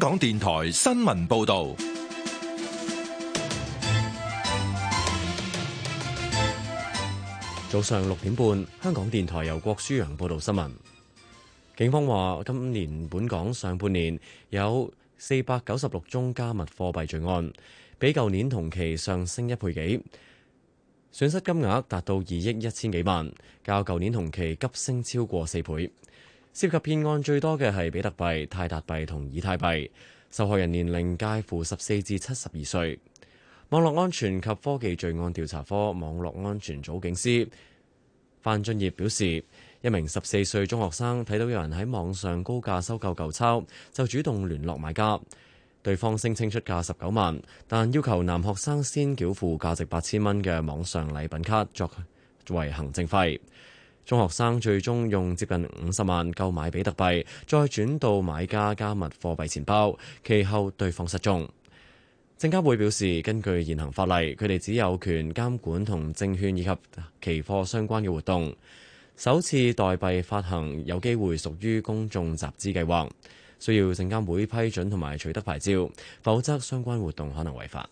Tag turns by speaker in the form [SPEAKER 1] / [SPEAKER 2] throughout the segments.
[SPEAKER 1] 香港電台新聞報
[SPEAKER 2] 道，早上六點半，香港電台由郭舒揚報道新聞。警方話，今年本港上半年有四百九十六宗加密貨幣罪案，比舊年同期上升一倍幾，損失金額達到二億一千幾萬，較舊年同期急升超過四倍。涉及騙案最多嘅係比特幣、泰達幣同以太幣。受害人年齡介乎十四至七十二歲。網絡安全及科技罪案調查科網絡安全組警司范俊業表示，一名十四歲中學生睇到有人喺網上高價收購舊鈔，就主動聯絡買家。對方聲稱出價十九萬，但要求男學生先繳付價值八千蚊嘅網上禮品卡作為行政費。中學生最終用接近五十萬購買比特幣，再轉到買家加密貨幣錢包，其後對方失蹤。證監會表示，根據現行法例，佢哋只有權監管同證券以及期貨相關嘅活動。首次代幣發行有機會屬於公眾集資計劃，需要證監會批准同埋取得牌照，否則相關活動可能違法。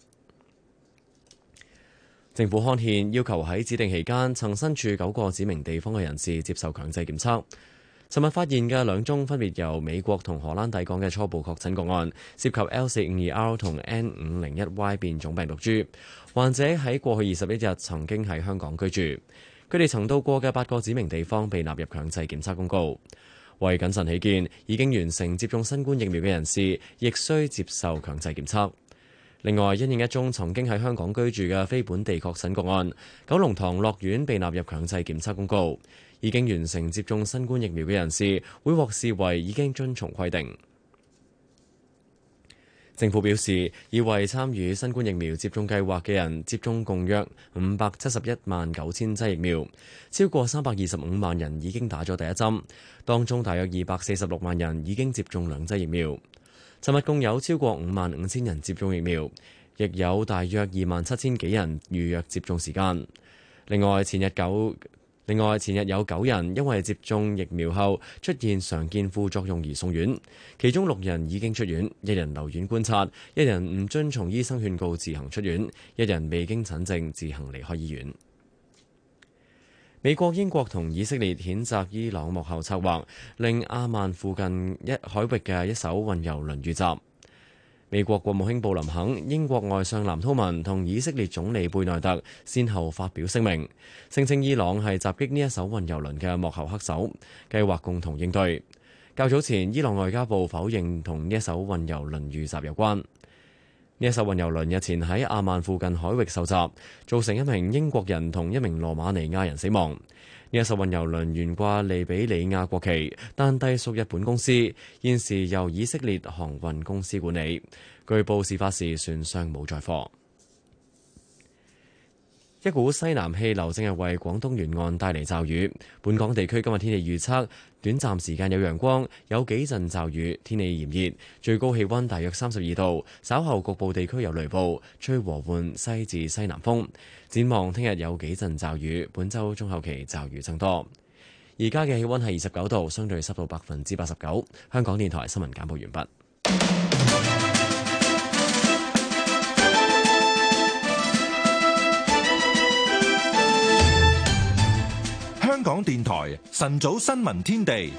[SPEAKER 2] 政府刊憲要求喺指定期間曾身處九個指明地方嘅人士接受強制檢測。尋日發現嘅兩宗分別由美國同荷蘭抵港嘅初步確診個案，涉及 L452R 同 N501Y 變種病毒株。患者喺過去二十一日曾經喺香港居住，佢哋曾到過嘅八個指明地方被納入強制檢測公告。為謹慎起見，已經完成接種新冠疫苗嘅人士亦需接受強制檢測。另外，因應一宗曾經喺香港居住嘅非本地確診個案，九龍塘樂園被納入強制檢測公告。已經完成接種新冠疫苗嘅人士，會獲視為已經遵從規定。政府表示，已為參與新冠疫苗接種計劃嘅人接種共約五百七十一萬九千劑疫苗，超過三百二十五萬人已經打咗第一針，當中大約二百四十六萬人已經接種兩劑疫苗。尋日共有超過五萬五千人接種疫苗，亦有大約二萬七千幾人預約接種時間。另外，前日九另外，前日有九人因為接種疫苗後出現常見副作用而送院，其中六人已經出院，一人留院觀察，一人唔遵從醫生勸告自行出院，一人未經診症自行離開醫院。美國、英國同以色列譴責伊朗幕後策劃，令阿曼附近一海域嘅一艘運油輪遇襲。美國國務卿布林肯、英國外相藍韜文同以色列總理貝內特先後發表聲明，聲稱伊朗係襲擊呢一艘運油輪嘅幕後黑手，計劃共同應對。較早前，伊朗外交部否認同呢一艘運油輪遇襲有關。呢一艘運油輪日前喺阿曼附近海域受襲，造成一名英國人同一名羅馬尼亞人死亡。呢一艘運油輪懸掛利比里亞國旗，但隸屬日本公司，現時由以色列航運公司管理。據報事發時船上冇載貨。一股西南氣流正係為廣東沿岸帶嚟驟雨，本港地區今日天氣預測短暫時間有陽光，有幾陣驟雨，天氣炎熱，最高氣温大約三十二度。稍後局部地區有雷暴，吹和緩西至西南風。展望聽日有幾陣驟雨，本週中後期驟雨增多。而家嘅氣温係二十九度，相對濕度百分之八十九。香港電台新聞簡報完畢。
[SPEAKER 1] 港電台晨早新聞天地，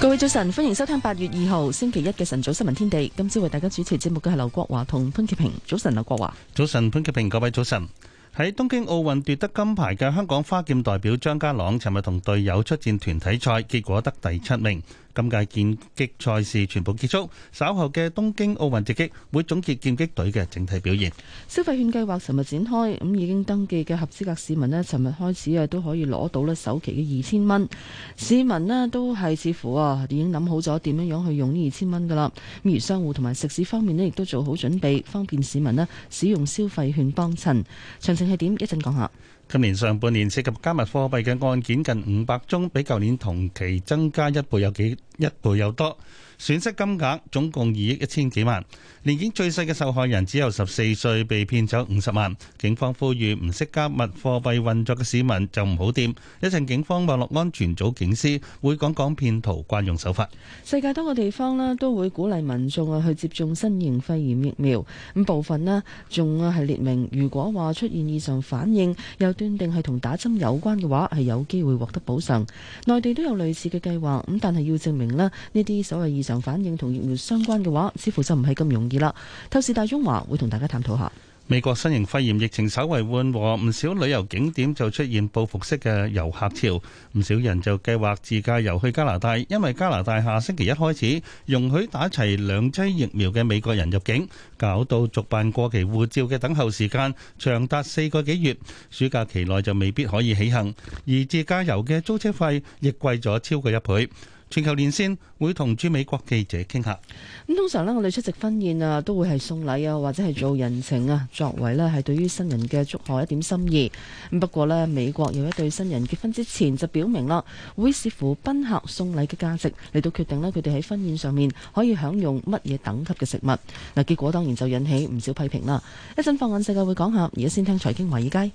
[SPEAKER 3] 各位早晨，歡迎收聽八月二號星期一嘅晨早新聞天地。今朝為大家主持節目嘅係劉國華同潘潔平。早晨，劉國華。早
[SPEAKER 4] 晨，潘潔平。各位早晨。喺東京奧運奪得金牌嘅香港花劍代表張家朗，尋日同隊友出戰團體賽，結果得第七名。今屆劍擊賽事全部結束，稍後嘅東京奧運直擊會總結劍擊隊嘅整體表現。
[SPEAKER 3] 消費券計劃尋日展開，咁已經登記嘅合資格市民呢，尋日開始啊都可以攞到呢首期嘅二千蚊。市民呢都係似乎啊已經諗好咗點樣樣去用呢二千蚊噶啦。咁而商戶同埋食肆方面呢，亦都做好準備，方便市民呢使用消費券幫襯。詳情係點？一陣講下。
[SPEAKER 4] 今年上半年涉及加密貨幣嘅案件近五百宗，比舊年同期增加一倍有，有幾一倍有多。損失金額總共二億一千幾萬，年紀最細嘅受害人只有十四歲，被騙走五十萬。警方呼籲唔識加密貨幣運作嘅市民就唔好掂。一陣警方網絡安全組警司會講講騙徒慣用手法。
[SPEAKER 3] 世界多個地方咧都會鼓勵民眾啊去接種新型肺炎疫苗，咁部分咧仲啊係列明，如果話出現異常反應，又斷定係同打針有關嘅話，係有機會獲得補償。內地都有類似嘅計劃，咁但係要證明咧呢啲所謂異常。反應同疫苗相關嘅話，似乎就唔係咁容易啦。透視大中華會同大家探討下。
[SPEAKER 4] 美國新型肺炎疫情稍為緩和，唔少旅遊景點就出現報復式嘅遊客潮，唔少人就計劃自駕遊去加拿大，因為加拿大下星期一開始容許打齊兩劑疫苗嘅美國人入境，搞到續辦過期護照嘅等候時間長達四個幾月，暑假期內就未必可以起行，而自駕遊嘅租車費亦貴咗超過一倍。全球連線會同駐美國記者
[SPEAKER 3] 傾下。咁通常呢，我哋出席婚宴啊，都會係送禮啊，或者係做人情啊，作為呢係對於新人嘅祝賀一點心意。咁不過呢，美國有一對新人結婚之前就表明啦，會視乎賓客送禮嘅價值嚟到決定呢，佢哋喺婚宴上面可以享用乜嘢等級嘅食物。嗱，結果當然就引起唔少批評啦。一陣放眼世界會講下，而家先聽財經華爾街。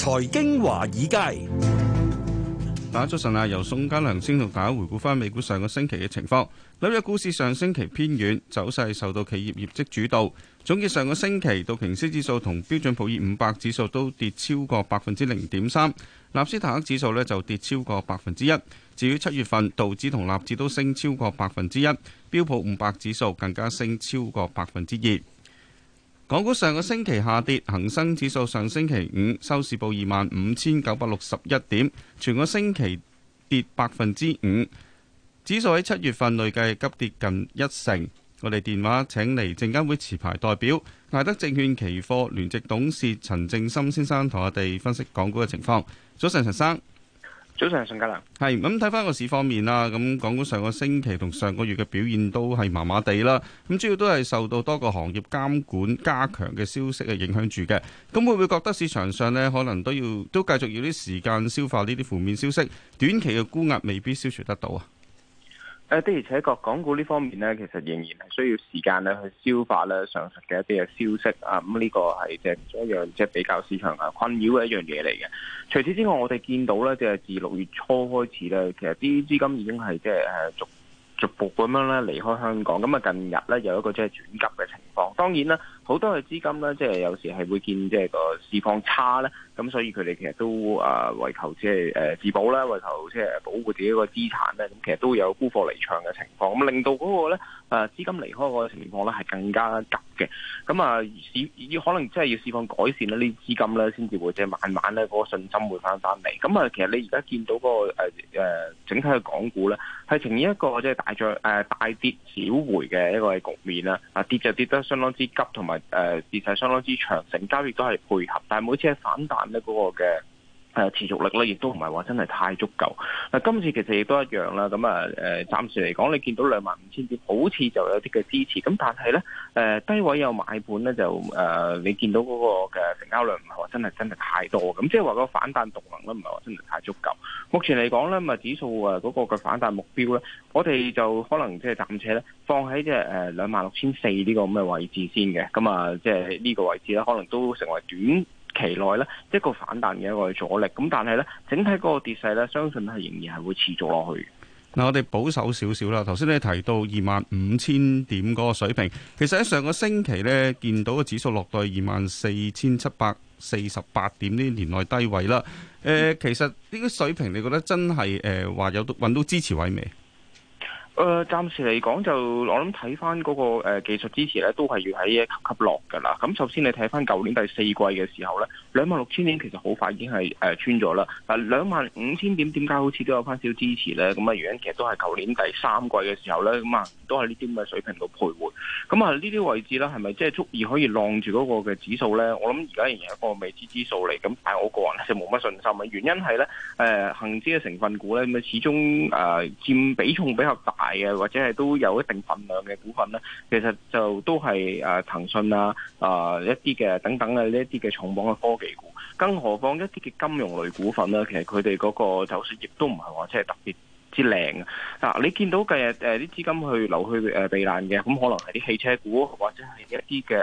[SPEAKER 5] 財經華爾街，大家早晨啊！由宋家良先同大家回顧翻美股上個星期嘅情況。紐約股市上星期偏軟，走勢受到企業業績主導。總結上個星期，道瓊斯指數同標準普爾五百指數都跌超過百分之零點三，納斯達克指數呢就跌超過百分之一。至於七月份，道指同納指都升超過百分之一，標普五百指數更加升超過百分之二。港股上個星期下跌，恒生指數上星期五收市報二萬五千九百六十一點，全個星期跌百分之五。指數喺七月份累計急跌近一成。我哋電話請嚟證監會持牌代表艾德證券期貨聯席董事陳正森先生同我哋分析港股嘅情況。早晨，陳生。早上，陳家良，係咁睇返個市方面啦，咁港股上個星期同上個月嘅表現都係麻麻地啦，咁主要都係受到多個行業監管加強嘅消息嘅影響住嘅，咁會唔會覺得市場上呢，可能都要都繼續要啲時間消化呢啲負面消息，短期嘅沽壓未必消除得到啊？
[SPEAKER 6] 誒的而且確，港股呢方面咧，其實仍然係需要時間咧去消化咧上述嘅一啲嘅消息啊。咁、嗯、呢、呢個係即係一樣即係比較市場啊困擾嘅一樣嘢嚟嘅。除此之外，我哋見到咧，即係自六月初開始咧，其實啲資金已經係即係誒逐逐步咁樣咧離開香港。咁、嗯、啊，近日咧有一個即係轉急嘅情況。當然啦。好多嘅資金咧，即係有時係會見即係個市況差咧，咁所以佢哋其實都啊為求即係誒自保啦，為求即係保護自己個資產咧，咁其實都有沽貨離場嘅情況，咁令到嗰個咧誒資金離開嗰個情況咧係更加急嘅，咁啊要可能真係要市況改善呢啲資金咧，先至會即係慢慢咧嗰個信心會翻翻嚟。咁啊，其實你而家見到嗰個誒整體嘅港股咧，係呈現一個即係大漲誒大跌小回嘅一個局面啦，啊跌就跌得相當之急，同埋。誒，事、呃、實相當之長，成交亦都係配合，但係每次喺反彈咧嗰個嘅。誒，持續力咧，亦都唔係話真係太足夠。嗱、啊，今次其實亦都一樣啦。咁啊，誒、呃，暫時嚟講，你見到兩萬五千點，好似就有啲嘅支持。咁但係咧，誒、呃，低位有買盤咧，就誒、呃，你見到嗰個嘅成交量唔係話真係真係太多。咁即係話個反彈動能咧，唔係話真係太足夠。目前嚟講咧，咪指數啊，嗰個嘅反彈目標咧，我哋就可能即係暫且咧放喺即係誒兩萬六千四呢個咁嘅位置先嘅。咁啊，即係喺呢個位置咧，可能都成為短。期內呢，一個反彈嘅一個阻力，咁但係呢，整體嗰個跌勢呢，相信係仍然係會持續落去。
[SPEAKER 5] 嗱，我哋保守少少啦。頭先你提到二萬五千點嗰個水平，其實喺上個星期呢，見到個指數落到去二萬四千七百四十八點呢年內低位啦。誒、呃，其實呢個水平你覺得真係誒話有揾到支持位未？
[SPEAKER 6] 誒，暫、呃、時嚟講就我諗睇翻嗰個誒、呃、技術支持咧，都係要喺一級級落噶啦。咁首先你睇翻舊年第四季嘅時候咧，兩萬六千點其實好快已經係誒穿咗啦。嗱、呃，兩萬五千點點解好似都有翻少支持咧？咁、嗯、啊原因其實都係舊年第三季嘅時候咧，咁、嗯、啊都係呢啲咁嘅水平度徘徊。咁啊呢啲位置咧係咪即係足以可以浪住嗰個嘅指數咧？我諗而家仍然係一個未知之數嚟。咁但係我個人就冇乜信心。原因係咧，誒恒指嘅成分股咧咁啊始終誒佔比重比較大。係嘅，或者係都有一定份量嘅股份呢，其實就都係誒騰訊啊，誒一啲嘅等等嘅，啊、呢一啲嘅重磅嘅科技股，更何況一啲嘅金融類股份呢，其實佢哋嗰個走勢亦都唔係話真係特別。之靚啊！嗱，你見到嘅誒啲資金去流去誒、呃、避難嘅，咁可能係啲汽車股，或者係一啲嘅誒誒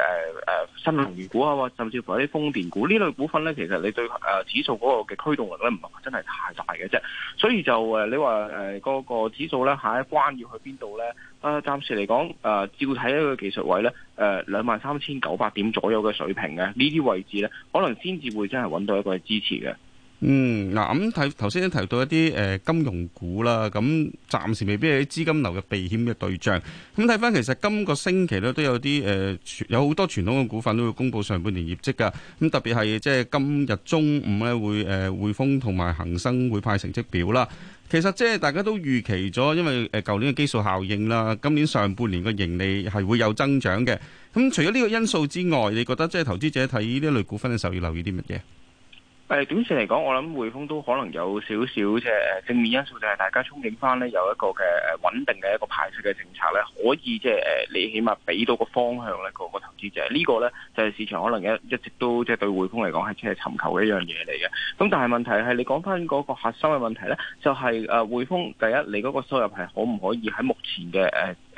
[SPEAKER 6] 新能源股啊，或甚至乎啲風電股呢類股份咧，其實你對誒、呃、指數嗰個嘅驅動力咧，唔係話真係太大嘅啫。所以就誒、呃，你話誒個指數咧下一關要去邊度咧？啊、呃，暫時嚟講誒，照睇一個技術位咧，誒兩萬三千九百點左右嘅水平嘅呢啲位置咧，可能先至會真係揾到一個支持嘅。
[SPEAKER 5] 嗯，嗱咁睇頭先都提到一啲誒金融股啦，咁暫時未必係啲資金流入避險嘅對象。咁睇翻其實今個星期咧都有啲誒，有好多傳統嘅股份都會公布上半年業績噶。咁特別係即係今日中午咧會誒匯豐同埋恒生會派成績表啦。其實即係大家都預期咗，因為誒舊年嘅基數效應啦，今年上半年個盈利係會有增長嘅。咁除咗呢個因素之外，你覺得即係投資者睇呢一類股份嘅時候要留意啲乜嘢？
[SPEAKER 6] 誒、呃、短線嚟講，我諗匯豐都可能有少少即係誒正面因素，就係大家憧憬翻咧有一個嘅誒穩定嘅一個派息嘅政策咧，可以即係誒你起碼俾到個方向咧個個投資者。這個、呢個咧就係、是、市場可能一一直都即係對匯豐嚟講係即係尋求嘅一樣嘢嚟嘅。咁但係問題係你講翻嗰個核心嘅問題咧，就係誒匯豐第一，你嗰個收入係可唔可以喺目前嘅誒？呃誒誒、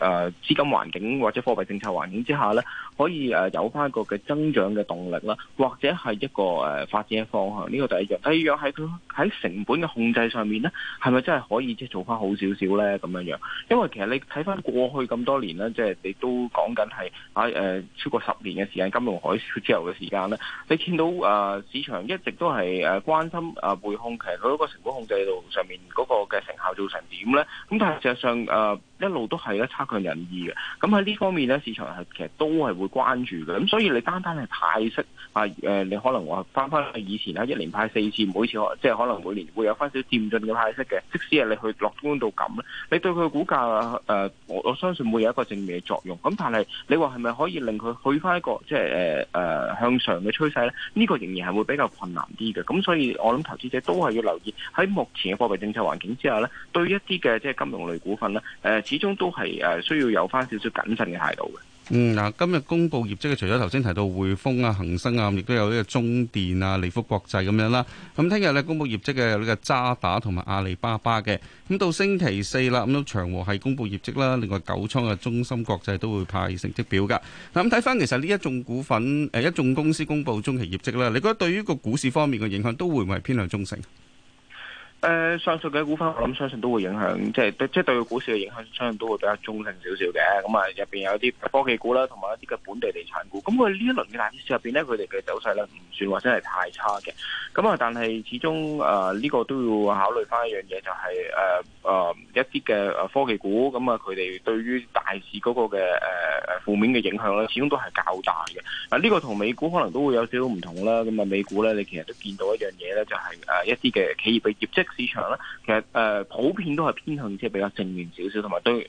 [SPEAKER 6] 呃，資金環境或者貨幣政策環境之下咧，可以誒有翻一個嘅增長嘅動力啦，或者係一個誒發展嘅方向。呢個第一樣，第二樣係佢喺成本嘅控制上面咧，係咪真係可以即係做翻好少少咧咁樣樣？因為其實你睇翻過去咁多年咧，即、就、係、是、你都講緊係啊誒、呃、超過十年嘅時間，金融海嘯之後嘅時間咧，你見到啊、呃、市場一直都係誒關心啊匯、呃、控其實佢嗰個成本控制度上面嗰個嘅成效做成點咧？咁但係事實上誒。呃一路都係咧差強人意嘅，咁喺呢方面咧，市場係其實都係會關注嘅，咁所以你單單係派息啊，誒，你可能話翻翻去以前啦，一年派四次，每次可即係可能每年會有翻少少漸進嘅派息嘅，即使係你去樂觀到咁咧，你對佢股價誒、啊，我我相信會有一個正面嘅作用。咁但係你話係咪可以令佢去翻一個即係誒誒向上嘅趨勢咧？呢、呢個仍然係會比較困難啲嘅。咁所以我諗投資者都係要留意喺目前嘅貨幣政策環境之下咧，對一啲嘅即係金融類股份咧，誒、啊。呃始終都係誒，需要有
[SPEAKER 5] 翻少少謹慎嘅態度嘅。嗯，嗱，今日公布業績嘅，除咗頭先提到匯豐啊、恒生啊，亦都有呢個中電啊、利福國際咁樣啦。咁聽日咧公布業績嘅有呢個渣打同埋阿里巴巴嘅。咁、嗯、到星期四啦，咁、嗯、都長和系公布業績啦，另外九倉嘅中心國際都會派成績表噶。咁睇翻，其實呢一眾股份誒、呃，一眾公司公布中期業績啦，你覺得對於個股市方面嘅影響，都會唔會係偏向中性？
[SPEAKER 6] 誒、呃，上述嘅股份，我諗相信都會影響，即係即係對股市嘅影響，相信都會比較中性少少嘅。咁、嗯、啊，入邊有啲科技股啦，同埋一啲嘅本地地產股。咁佢呢一輪嘅大市入邊咧，佢哋嘅走勢咧，唔算話真係太差嘅。咁、嗯、啊，但係始終誒呢、呃這個都要考慮翻一樣嘢，就是，就係誒誒一啲嘅科技股，咁啊佢哋對於大市嗰個嘅誒誒負面嘅影響咧，始終都係較大嘅。啊、嗯、呢、這個同美股可能都會有少少唔同啦。咁、嗯、啊，美股咧，你其實都見到一樣嘢咧，就係、是、誒一啲嘅企業嘅業績。市場咧，其實誒、呃、普遍都係偏向，即係比較正面少少，同埋對誒誒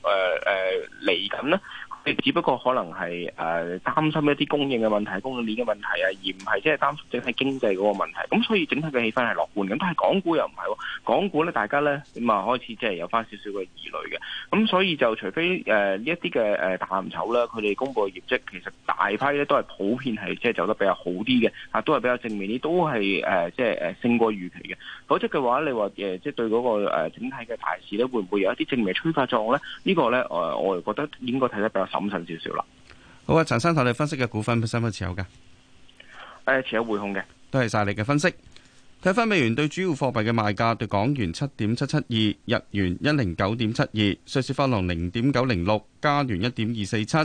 [SPEAKER 6] 嚟緊咧。呃呃只不過可能係誒、呃、擔心一啲供應嘅問題、供應鏈嘅問題啊，而唔係即係擔心整體經濟嗰個問題。咁所以整體嘅氣氛係樂觀。咁但係港股又唔係喎，港股咧大家咧咁啊開始即係有返少少嘅疑慮嘅。咁所以就除非誒、呃、呢一啲嘅誒大藍籌咧，佢哋公布嘅業績其實大批咧都係普遍係即係走得比較好啲嘅，啊都係比較正面啲，都係誒即係誒勝過預期嘅。否則嘅話，你話誒即係對嗰個整體嘅大市咧，會唔會有一啲正面催化作用咧？這個、呢個咧誒我係覺得應該睇得比較。審慎
[SPEAKER 5] 少少啦。好啊，陳生，睇你分析嘅股份，邊三份持有嘅？
[SPEAKER 6] 誒、呃，持有匯控嘅。
[SPEAKER 5] 多謝晒你嘅分析。睇翻美元對主要貨幣嘅賣價，對港元七點七七二，日元一零九點七二，瑞士法郎零點九零六，加元一點二四七，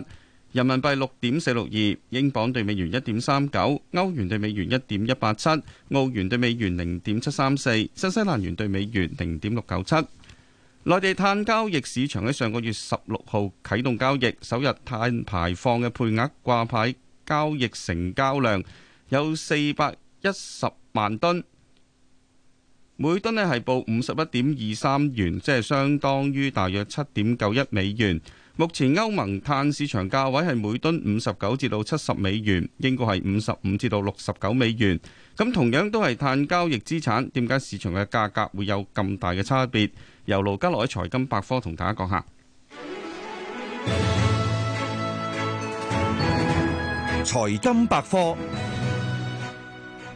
[SPEAKER 5] 人民幣六點四六二，英鎊兌美元一點三九，歐元兌美元一點一八七，澳元兌美元零點七三四，新西蘭元兌美元零點六九七。內地碳交易市場喺上個月十六號啟動交易，首日碳排放嘅配額掛牌交易成交量有四百一十萬噸，每噸咧係報五十一點二三元，即係相當於大約七點九一美元。目前歐盟碳市場價位係每噸五十九至到七十美元，英國係五十五至到六十九美元。咁同樣都係碳交易資產，點解市場嘅價格會有咁大嘅差別？由盧家樂喺財金百科同大家講下財金百科，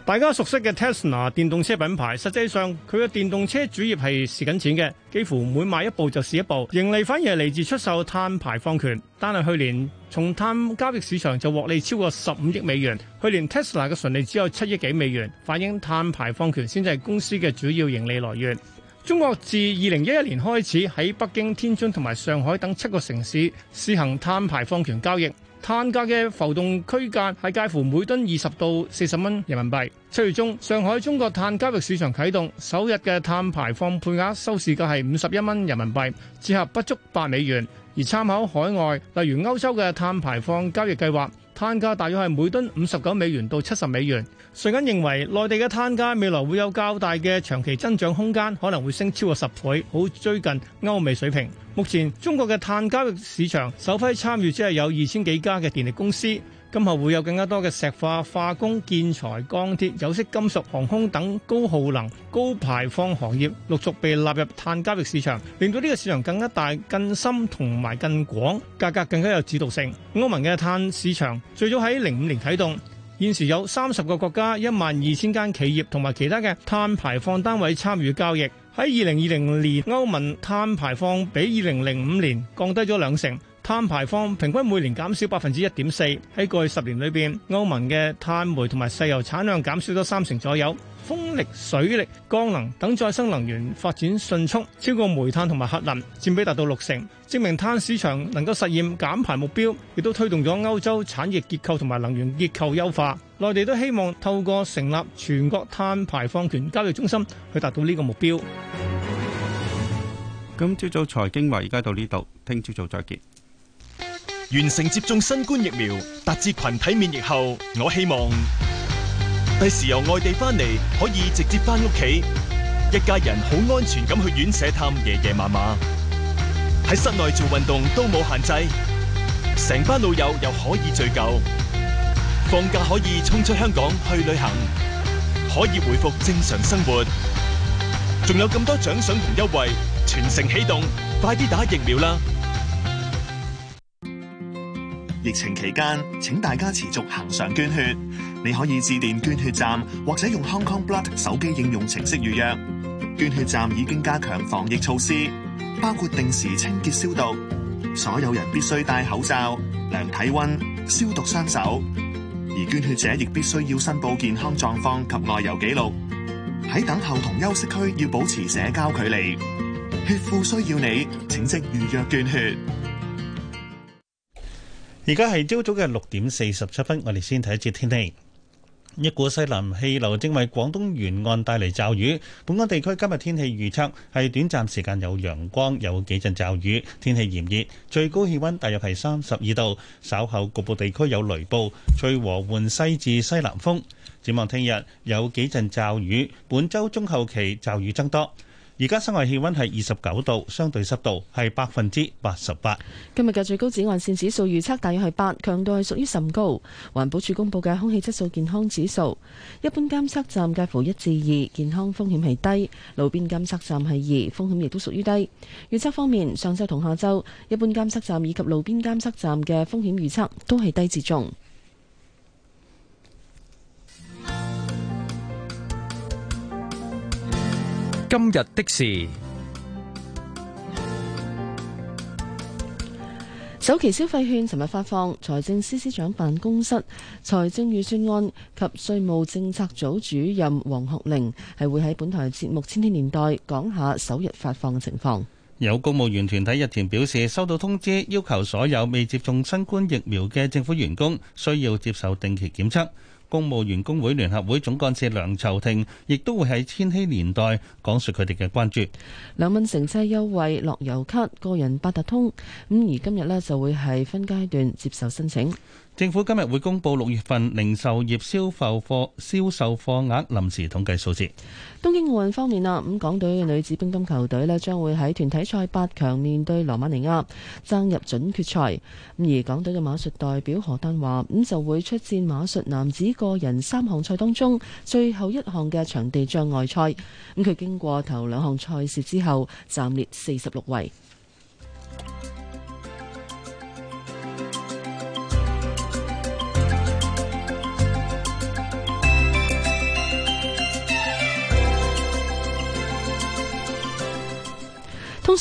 [SPEAKER 7] 大家熟悉嘅 Tesla 電動車品牌，實際上佢嘅電動車主業係蝕緊錢嘅，幾乎每買一部就蝕一部。盈利反而係嚟自出售碳排放權，單係去年從碳交易市場就獲利超過十五億美元。去年 Tesla 嘅純利只有七億幾美元，反映碳排放權先至係公司嘅主要盈利來源。中國自二零一一年開始喺北京、天津同埋上海等七個城市試行碳排放權交易，碳價嘅浮動區間係介乎每噸二十到四十蚊人民幣。七月中，上海中國碳交易市場啟動，首日嘅碳排放配額收市價係五十一蚊人民幣，折合不足八美元。而參考海外，例如歐洲嘅碳排放交易計劃。碳價大約係每噸五十九美元到七十美元。瑞金 認為內地嘅碳價未來會有較大嘅長期增長空間，可能會升超過十倍，好追近歐美水平。目前中國嘅碳交易市場首批參與只係有二千幾家嘅電力公司。今後會有更加多嘅石化、化工、建材、鋼鐵、有色金屬、航空等高耗能、高排放行業，陸續被納入碳交易市場，令到呢個市場更加大、更深同埋更廣，價格更加有指導性。歐盟嘅碳市場最早喺零五年啟動，現時有三十個國家、一萬二千間企業同埋其他嘅碳排放單位參與交易。喺二零二零年，歐盟碳排放比二零零五年降低咗兩成。碳排放平均每年減少百分之一點四，喺過去十年裏邊，歐盟嘅碳煤同埋石油產量減少咗三成左右。風力、水力、光能等再生能源發展迅速，超過煤炭同埋核能，佔比達到六成，證明碳市場能夠實現減排目標，亦都推動咗歐洲產業結構同埋能源結構優化。內地都希望透過成立全國碳排放權交易中心，去達到呢個目標。
[SPEAKER 5] 今朝早財經話，而家到呢度，聽朝早再見。完成接種新冠疫苗，達至群體免疫後，我希望
[SPEAKER 8] 第時由外地翻嚟，可以直接翻屋企，一家人好安全咁去院舍探爺爺嫲嫲，喺室內做運動都冇限制，成班老友又可以聚舊，放假可以衝出香港去旅行，可以回復正常生活，仲有咁多獎賞同優惠，全城起動，快啲打疫苗啦！疫情期間，請大家持續行常捐血。你可以致電捐血
[SPEAKER 4] 站，或者用 Hong Kong Blood 手機應用程式預約。捐血站已經加強防疫措施，包括定時清潔消毒，所有人必須戴口罩、
[SPEAKER 8] 量體溫、消毒雙手。而捐血者亦必須要申報健康狀況及外遊記錄。喺等候同休息區要保持社交距離。
[SPEAKER 9] 血庫需要你，請即預約捐血。
[SPEAKER 4] 而家係朝早嘅六點四十七分，我哋先睇一節天氣。一股西南氣流正為廣東沿岸帶嚟驟雨。本港地區今日天，天氣預測係短暫時間有陽光，有幾陣驟雨，天氣炎熱，最高氣溫大約係三十二度。稍後局部地區有雷暴，吹和緩西至西南風。展望聽日有幾陣驟雨，本週中後期驟雨增多。而家室外氣溫係二十九度，相對濕度係百分之八十八。
[SPEAKER 3] 今日嘅最高紫外線指數預測大約係八，強度係屬於甚高。環保署公佈嘅空氣質素健康指數，一般監測站介乎一至二，健康風險係低；路邊監測站係二，風險亦都屬於低。預測方面，上週同下週，一般監測站以及路邊監測站嘅風險預測都係低至中。
[SPEAKER 1] 今日的事，
[SPEAKER 3] 首期消費券尋日發放，財政司司長辦公室、財政預算案及稅務政策組主任黃學玲係會喺本台節目《千禧年代》講下首日發放嘅情況。
[SPEAKER 4] 有公務員團體日前表示，收到通知要求所有未接種新冠疫苗嘅政府員工需要接受定期檢測。公務員工會聯合會總幹事梁籌庭亦都會喺千禧年代講述佢哋嘅關注。
[SPEAKER 3] 兩蚊乘車優惠、樂悠咭、個人八達通，咁而今日呢，就會係分階段接受申請。
[SPEAKER 4] 政府今日會公布六月份零售業銷售貨銷售貨額臨時統計數字。
[SPEAKER 3] 東京奧運方面啊，港隊女子乒乓球隊咧將會喺團體賽八強面對羅馬尼亞，爭入準決賽。而港隊嘅馬術代表何丹話，咁就會出戰馬術男子個人三項賽當中最後一項嘅場地障礙賽。佢經過頭兩項賽事之後，暫列四十六位。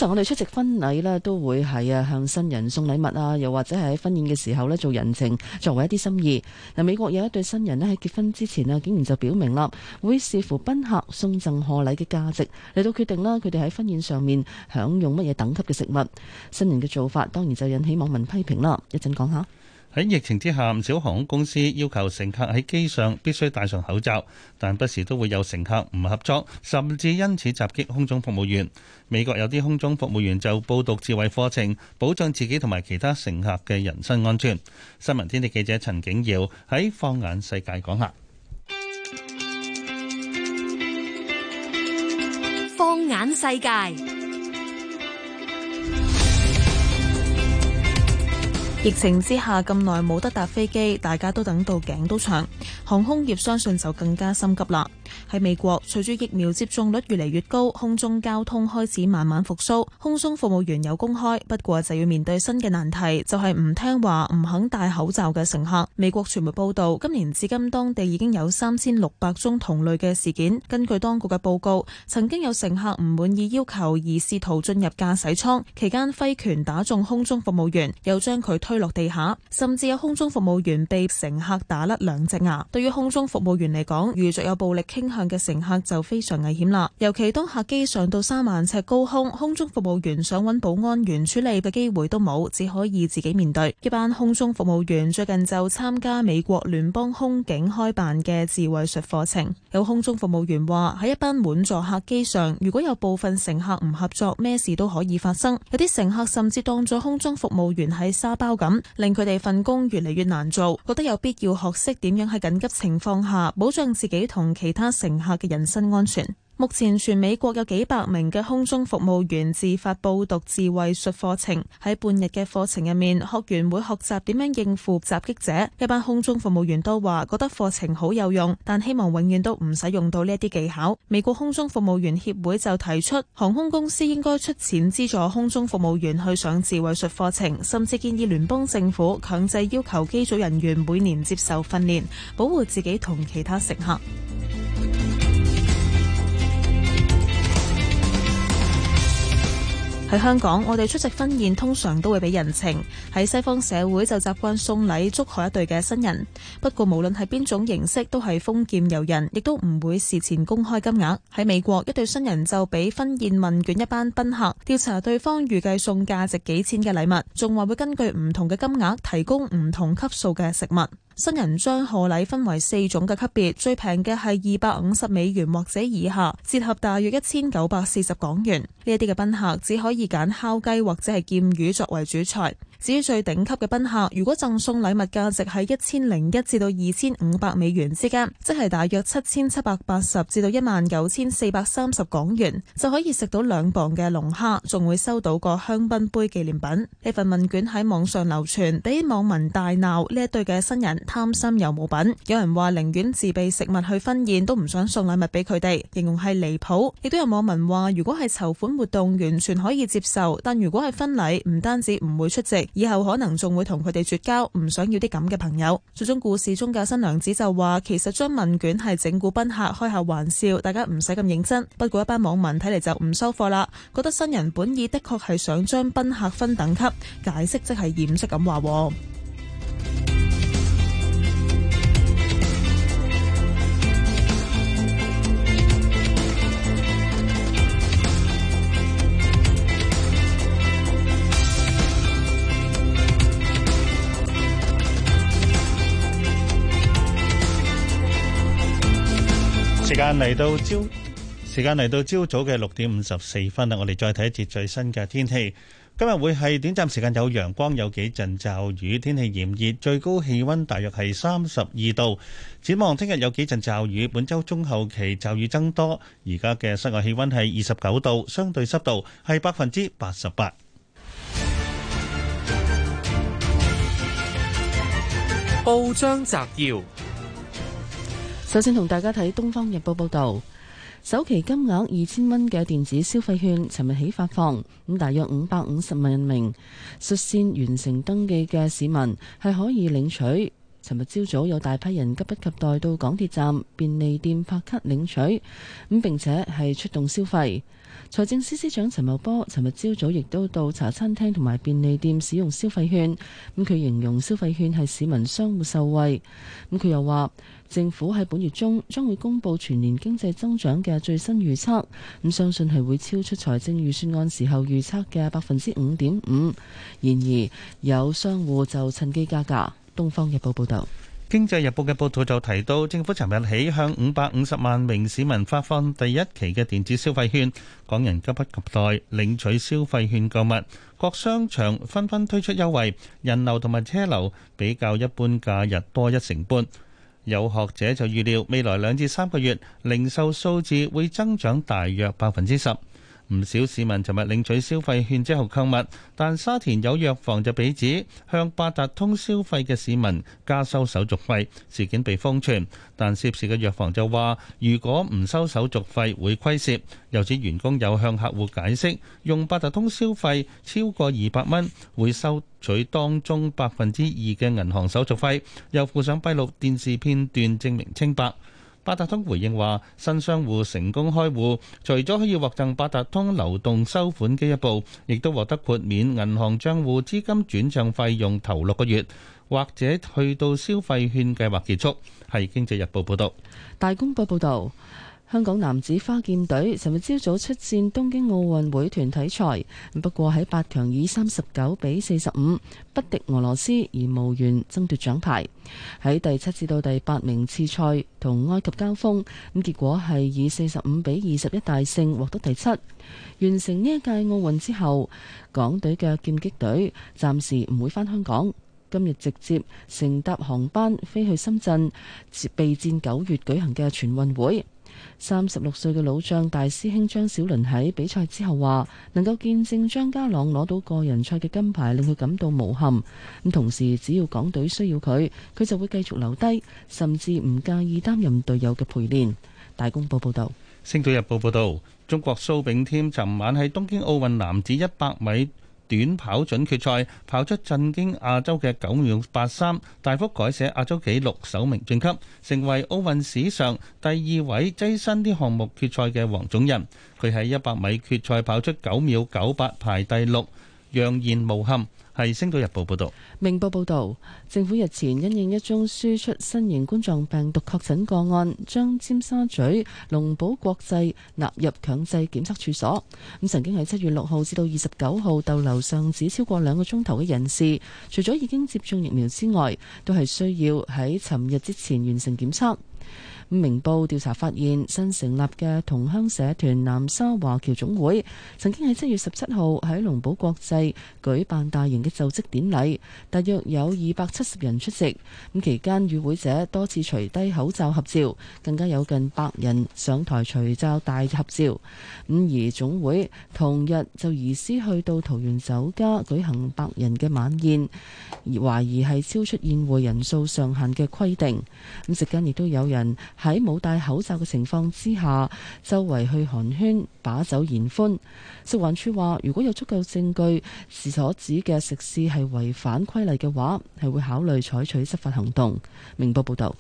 [SPEAKER 3] 成日我哋出席婚禮咧，都會係啊向新人送禮物啊，又或者係喺婚宴嘅時候咧做人情，作為一啲心意。嗱，美國有一對新人咧喺結婚之前啊，竟然就表明啦，會視乎賓客送贈賀禮嘅價值嚟到決定啦，佢哋喺婚宴上面享用乜嘢等級嘅食物。新人嘅做法當然就引起網民批評啦。一陣講下。
[SPEAKER 4] 喺疫情之下，唔少航空公司要求乘客喺機上必須戴上口罩，但不時都會有乘客唔合作，甚至因此襲擊空中服務員。美國有啲空中服務員就報讀自衛課程，保障自己同埋其他乘客嘅人身安全。新聞天地記者陳景耀喺放眼世界講下。
[SPEAKER 10] 放眼世界。
[SPEAKER 11] 疫情之下，咁耐冇得搭飛機，大家都等到頸都長，航空業相信就更加心急啦。喺美國，隨住疫苗接種率越嚟越高，空中交通開始慢慢復甦，空中服務員有公開，不過就要面對新嘅難題，就係、是、唔聽話、唔肯戴口罩嘅乘客。美國傳媒報道，今年至今當地已經有三千六百宗同類嘅事件。根據當局嘅報告，曾經有乘客唔滿意要求而試，而試圖進入駕駛艙，期間揮拳打中空中服務員，又將佢推落地下，甚至有空中服務員被乘客打甩兩隻牙。對於空中服務員嚟講，遇著有暴力傾向嘅乘客就非常危險啦，尤其當客機上到三萬尺高空，空中服務員想揾保安員處理嘅機會都冇，只可以自己面對。一班空中服務員最近就參加美國聯邦空警開辦嘅自衛術課程。有空中服務員話：喺一班滿座客機上，如果有部分乘客唔合作，咩事都可以發生。有啲乘客甚至當咗空中服務員喺沙包咁，令佢哋份工越嚟越難做，覺得有必要學識點樣喺緊急情況下保障自己同其他乘客嘅人身安全。目前全美國有幾百名嘅空中服務員自發報讀自衛術課程。喺半日嘅課程入面，學員會學習點樣應付襲擊者。一班空中服務員都話覺得課程好有用，但希望永遠都唔使用，用到呢一啲技巧。美國空中服務員協會就提出，航空公司應該出錢資助空中服務員去上自衛術課程，甚至建議聯邦政府強制要求機組人員每年接受訓練，保護自己同其他乘客。喺香港，我哋出席婚宴通常都會俾人情；喺西方社會就習慣送禮祝賀一對嘅新人。不過無論係邊種形式，都係豐儉由人，亦都唔會事前公開金額。喺美國一對新人就俾婚宴問卷一班賓客調查對方預計送價值幾千嘅禮物，仲話會根據唔同嘅金額提供唔同級數嘅食物。新人將賀禮分為四種嘅級別，最平嘅係二百五十美元或者以下，折合大約一千九百四十港元。呢一啲嘅賓客只可以揀烤雞或者係劍魚作為主菜。至於最頂級嘅賓客，如果贈送禮物價值喺一千零一至到二千五百美元之間，即係大約七千七百八十至到一萬九千四百三十港元，就可以食到兩磅嘅龍蝦，仲會收到個香檳杯紀念品。呢份問卷喺網上流傳，俾網民大鬧呢一對嘅新人。貪心又冇品？有人話寧願自備食物去婚宴，都唔想送禮物俾佢哋，形容係離譜。亦都有網民話，如果係籌款活動，完全可以接受；但如果係婚禮，唔單止唔會出席，以後可能仲會同佢哋絕交，唔想要啲咁嘅朋友。最終故事中嘅新娘子就話：其實將問卷係整蠱賓客，開下玩笑，大家唔使咁認真。不過一班網民睇嚟就唔收貨啦，覺得新人本意的確係想將賓客分等級，解釋即係掩飾咁話。
[SPEAKER 4] 時間嚟到朝，時間嚟到朝早嘅六點五十四分啦。我哋再睇一節最新嘅天氣。今日會係短暫時間有陽光，有幾陣驟雨。天氣炎熱，最高氣溫大約係三十二度。展望聽日有幾陣驟雨，本周中後期驟雨增多。而家嘅室外氣溫係二十九度，相對濕度係百分之八十八。
[SPEAKER 12] 報章摘要。
[SPEAKER 3] 首先同大家睇《東方日報》報道，首期金額二千蚊嘅電子消費券，尋日起發放，咁大約五百五十萬名率先完成登記嘅市民係可以領取。尋日朝早有大批人急不及待到港鐵站便利店拍卡領取，咁並且係出動消費。財政司司長陳茂波尋日朝早亦都到茶餐廳同埋便利店使用消費券，咁佢形容消費券係市民商戶受惠。咁佢又話，政府喺本月中將會公布全年經濟增長嘅最新預測，咁相信係會超出財政預算案時候預測嘅百分之五點五。然而有商戶就趁機加價，《東方日報》報道。
[SPEAKER 4] 經濟日報嘅報道就提到，政府尋日起向五百五十萬名市民發放第一期嘅電子消費券，港人急不及待領取消費券購物，各商場紛紛推出優惠，人流同埋車流比較一般假日多一成半。有學者就預料，未來兩至三個月零售數字會增長大約百分之十。唔少市民尋日領取消費券之後購物，但沙田有藥房就被指向八達通消費嘅市民加收手續費，事件被封存，但涉事嘅藥房就話，如果唔收手續費會虧蝕，又指員工有向客戶解釋，用八達通消費超過二百蚊會收取當中百分之二嘅銀行手續費，又附上閉路電視片段證明清白。八達通回應話，新商戶，成功開戶，除咗可以獲贈八達通流動收款機一部，亦都獲得豁免銀行賬戶資金轉賬費用頭六個月，或者去到消費券計劃結束。係經濟日報報道。
[SPEAKER 3] 大公報報道。香港男子花劍隊尋日朝早出戰東京奧運會團體賽，不過喺八強以三十九比四十五不敵俄羅斯，而無緣爭奪獎牌。喺第七至到第八名次賽同埃及交鋒，咁結果係以四十五比二十一大勝，獲得第七。完成呢一屆奧運之後，港隊嘅劍擊隊暫時唔會返香港，今日直接乘搭航班飛去深圳，備戰九月舉行嘅全運會。三十六歲嘅老將大師兄張小倫喺比賽之後話：能夠見證張家朗攞到個人賽嘅金牌，令佢感到無憾。咁同時，只要港隊需要佢，佢就會繼續留低，甚至唔介意擔任隊友嘅陪練。大公報報道：
[SPEAKER 4] 《星島日報》報道，中國蘇炳添尋晚喺東京奧運男子一百米。短跑準決賽跑出震驚亞洲嘅九秒八三，大幅改寫亞洲紀錄，首名晉級，成為奧運史上第二位躋身啲項目決賽嘅黃種人。佢喺一百米決賽跑出九秒九八，排第六，揚言無憾。係《星島日報》報道，
[SPEAKER 3] 明報報道，政府日前因應一宗輸出新型冠狀病毒確診個案，將尖沙咀龍寶國際納入強制檢測處所。咁曾經喺七月六號至到二十九號逗留上址超過兩個鐘頭嘅人士，除咗已經接種疫苗之外，都係需要喺尋日之前完成檢測。明報調查發現，新成立嘅同鄉社團南沙華僑總會，曾經喺七月十七號喺龍堡國際舉辦大型嘅就職典禮，大約有二百七十人出席。咁期間與會者多次除低口罩合照，更加有近百人上台除罩大合照。咁而總會同日就移師去到桃園酒家舉行百人嘅晚宴，而懷疑係超出宴會人數上限嘅規定。咁席間亦都有人，喺冇戴口罩嘅情況之下，周圍去寒暄把酒言歡。食環處話，如果有足夠證據，是所指嘅食肆係違反規例嘅話，係會考慮採取執法行動。明報報道：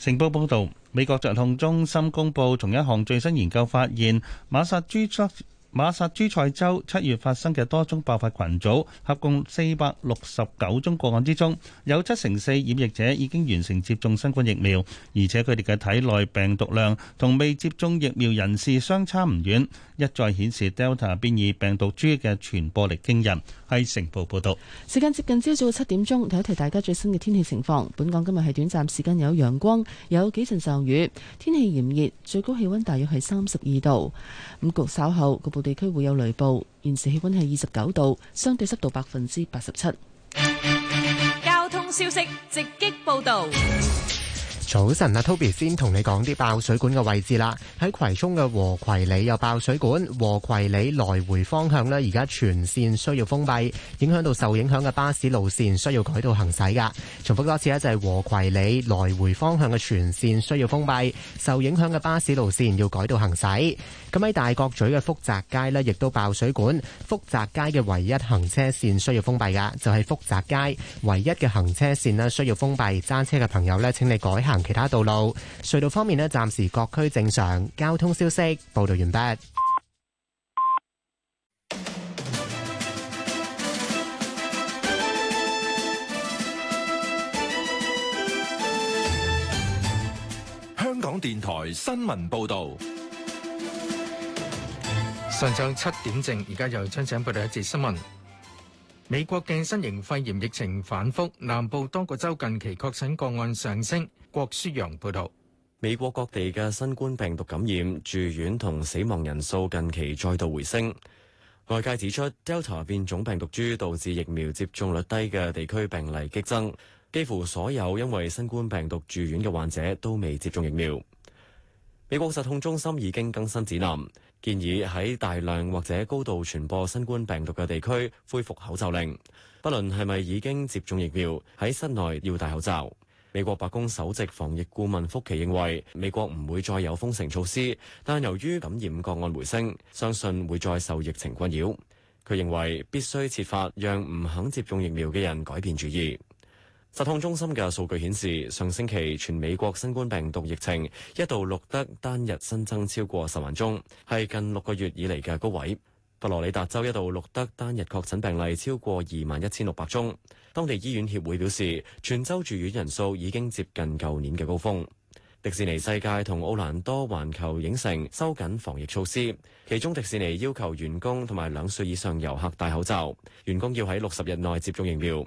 [SPEAKER 4] 《成報》報道，美國疾控中心公布從一項最新研究發現，馬薩諸塞。馬薩諸塞州七月發生嘅多宗爆發群組，合共四百六十九宗個案之中，有七成四染疫者已經完成接種新冠疫苗，而且佢哋嘅體內病毒量同未接種疫苗人士相差唔遠，一再顯示 Delta 變異病毒株嘅傳播力驚人。係《成報》報道。
[SPEAKER 3] 時間接近朝早七點鐘，提一提大家最新嘅天氣情況。本港今日係短暫時間有陽光，有幾陣驟雨，天氣炎熱，最高氣溫大約係三十二度。咁局稍後，地區會有雷暴，現時氣溫係二十九度，相對濕度百分之八十七。
[SPEAKER 10] 交通消息直擊報道。
[SPEAKER 12] 早晨阿 Toby 先同你講啲爆水管嘅位置啦。喺葵涌嘅和葵里有爆水管，和葵里來回方向呢，而家全線需要封閉，影響到受影響嘅巴士路線需要改道行駛噶。重複多次咧，就係、是、和葵里來回方向嘅全線需要封閉，受影響嘅巴士路線要改道行駛。咁喺大角咀嘅福澤街咧，亦都爆水管。福澤街嘅唯一行車線需要封閉噶，就係福澤街唯一嘅行車線咧需要封閉。揸車嘅朋友咧，請你改行其他道路。隧道方面咧，暫時各區正常。交通消息報導完畢。
[SPEAKER 1] 香港電台新聞報導。上晝七點正，而家由張景報你一節新聞。美國嘅新型肺炎疫情反覆，南部多個州近期確診個案上升。
[SPEAKER 2] 郭舒陽報導，美國各地嘅新冠病毒感染、住院同死亡人數近期再度回升。外界指出，Delta 變種病毒株導致疫苗接種率低嘅地區病例激增。幾乎所有因為新冠病毒住院嘅患者都未接種疫苗。美國疾控中心已經更新指南。建議喺大量或者高度傳播新冠病毒嘅地區恢復口罩令，不論係咪已經接種疫苗，喺室內要戴口罩。美國白宮首席防疫顧問福奇認為，美國唔會再有封城措施，但由於感染個案回升，相信會再受疫情困擾。佢認為必須設法讓唔肯接種疫苗嘅人改變主意。疾控中心嘅數據顯示，上星期全美國新冠病毒疫情一度錄得單日新增超過十萬宗，係近六個月以嚟嘅高位。佛羅里達州一度錄得單日確診病例超過二萬一千六百宗，當地醫院協會表示，全州住院人數已經接近舊年嘅高峰。迪士尼世界同奧蘭多環球影城收緊防疫措施，其中迪士尼要求員工同埋兩歲以上遊客戴口罩，員工要喺六十日內接種疫苗。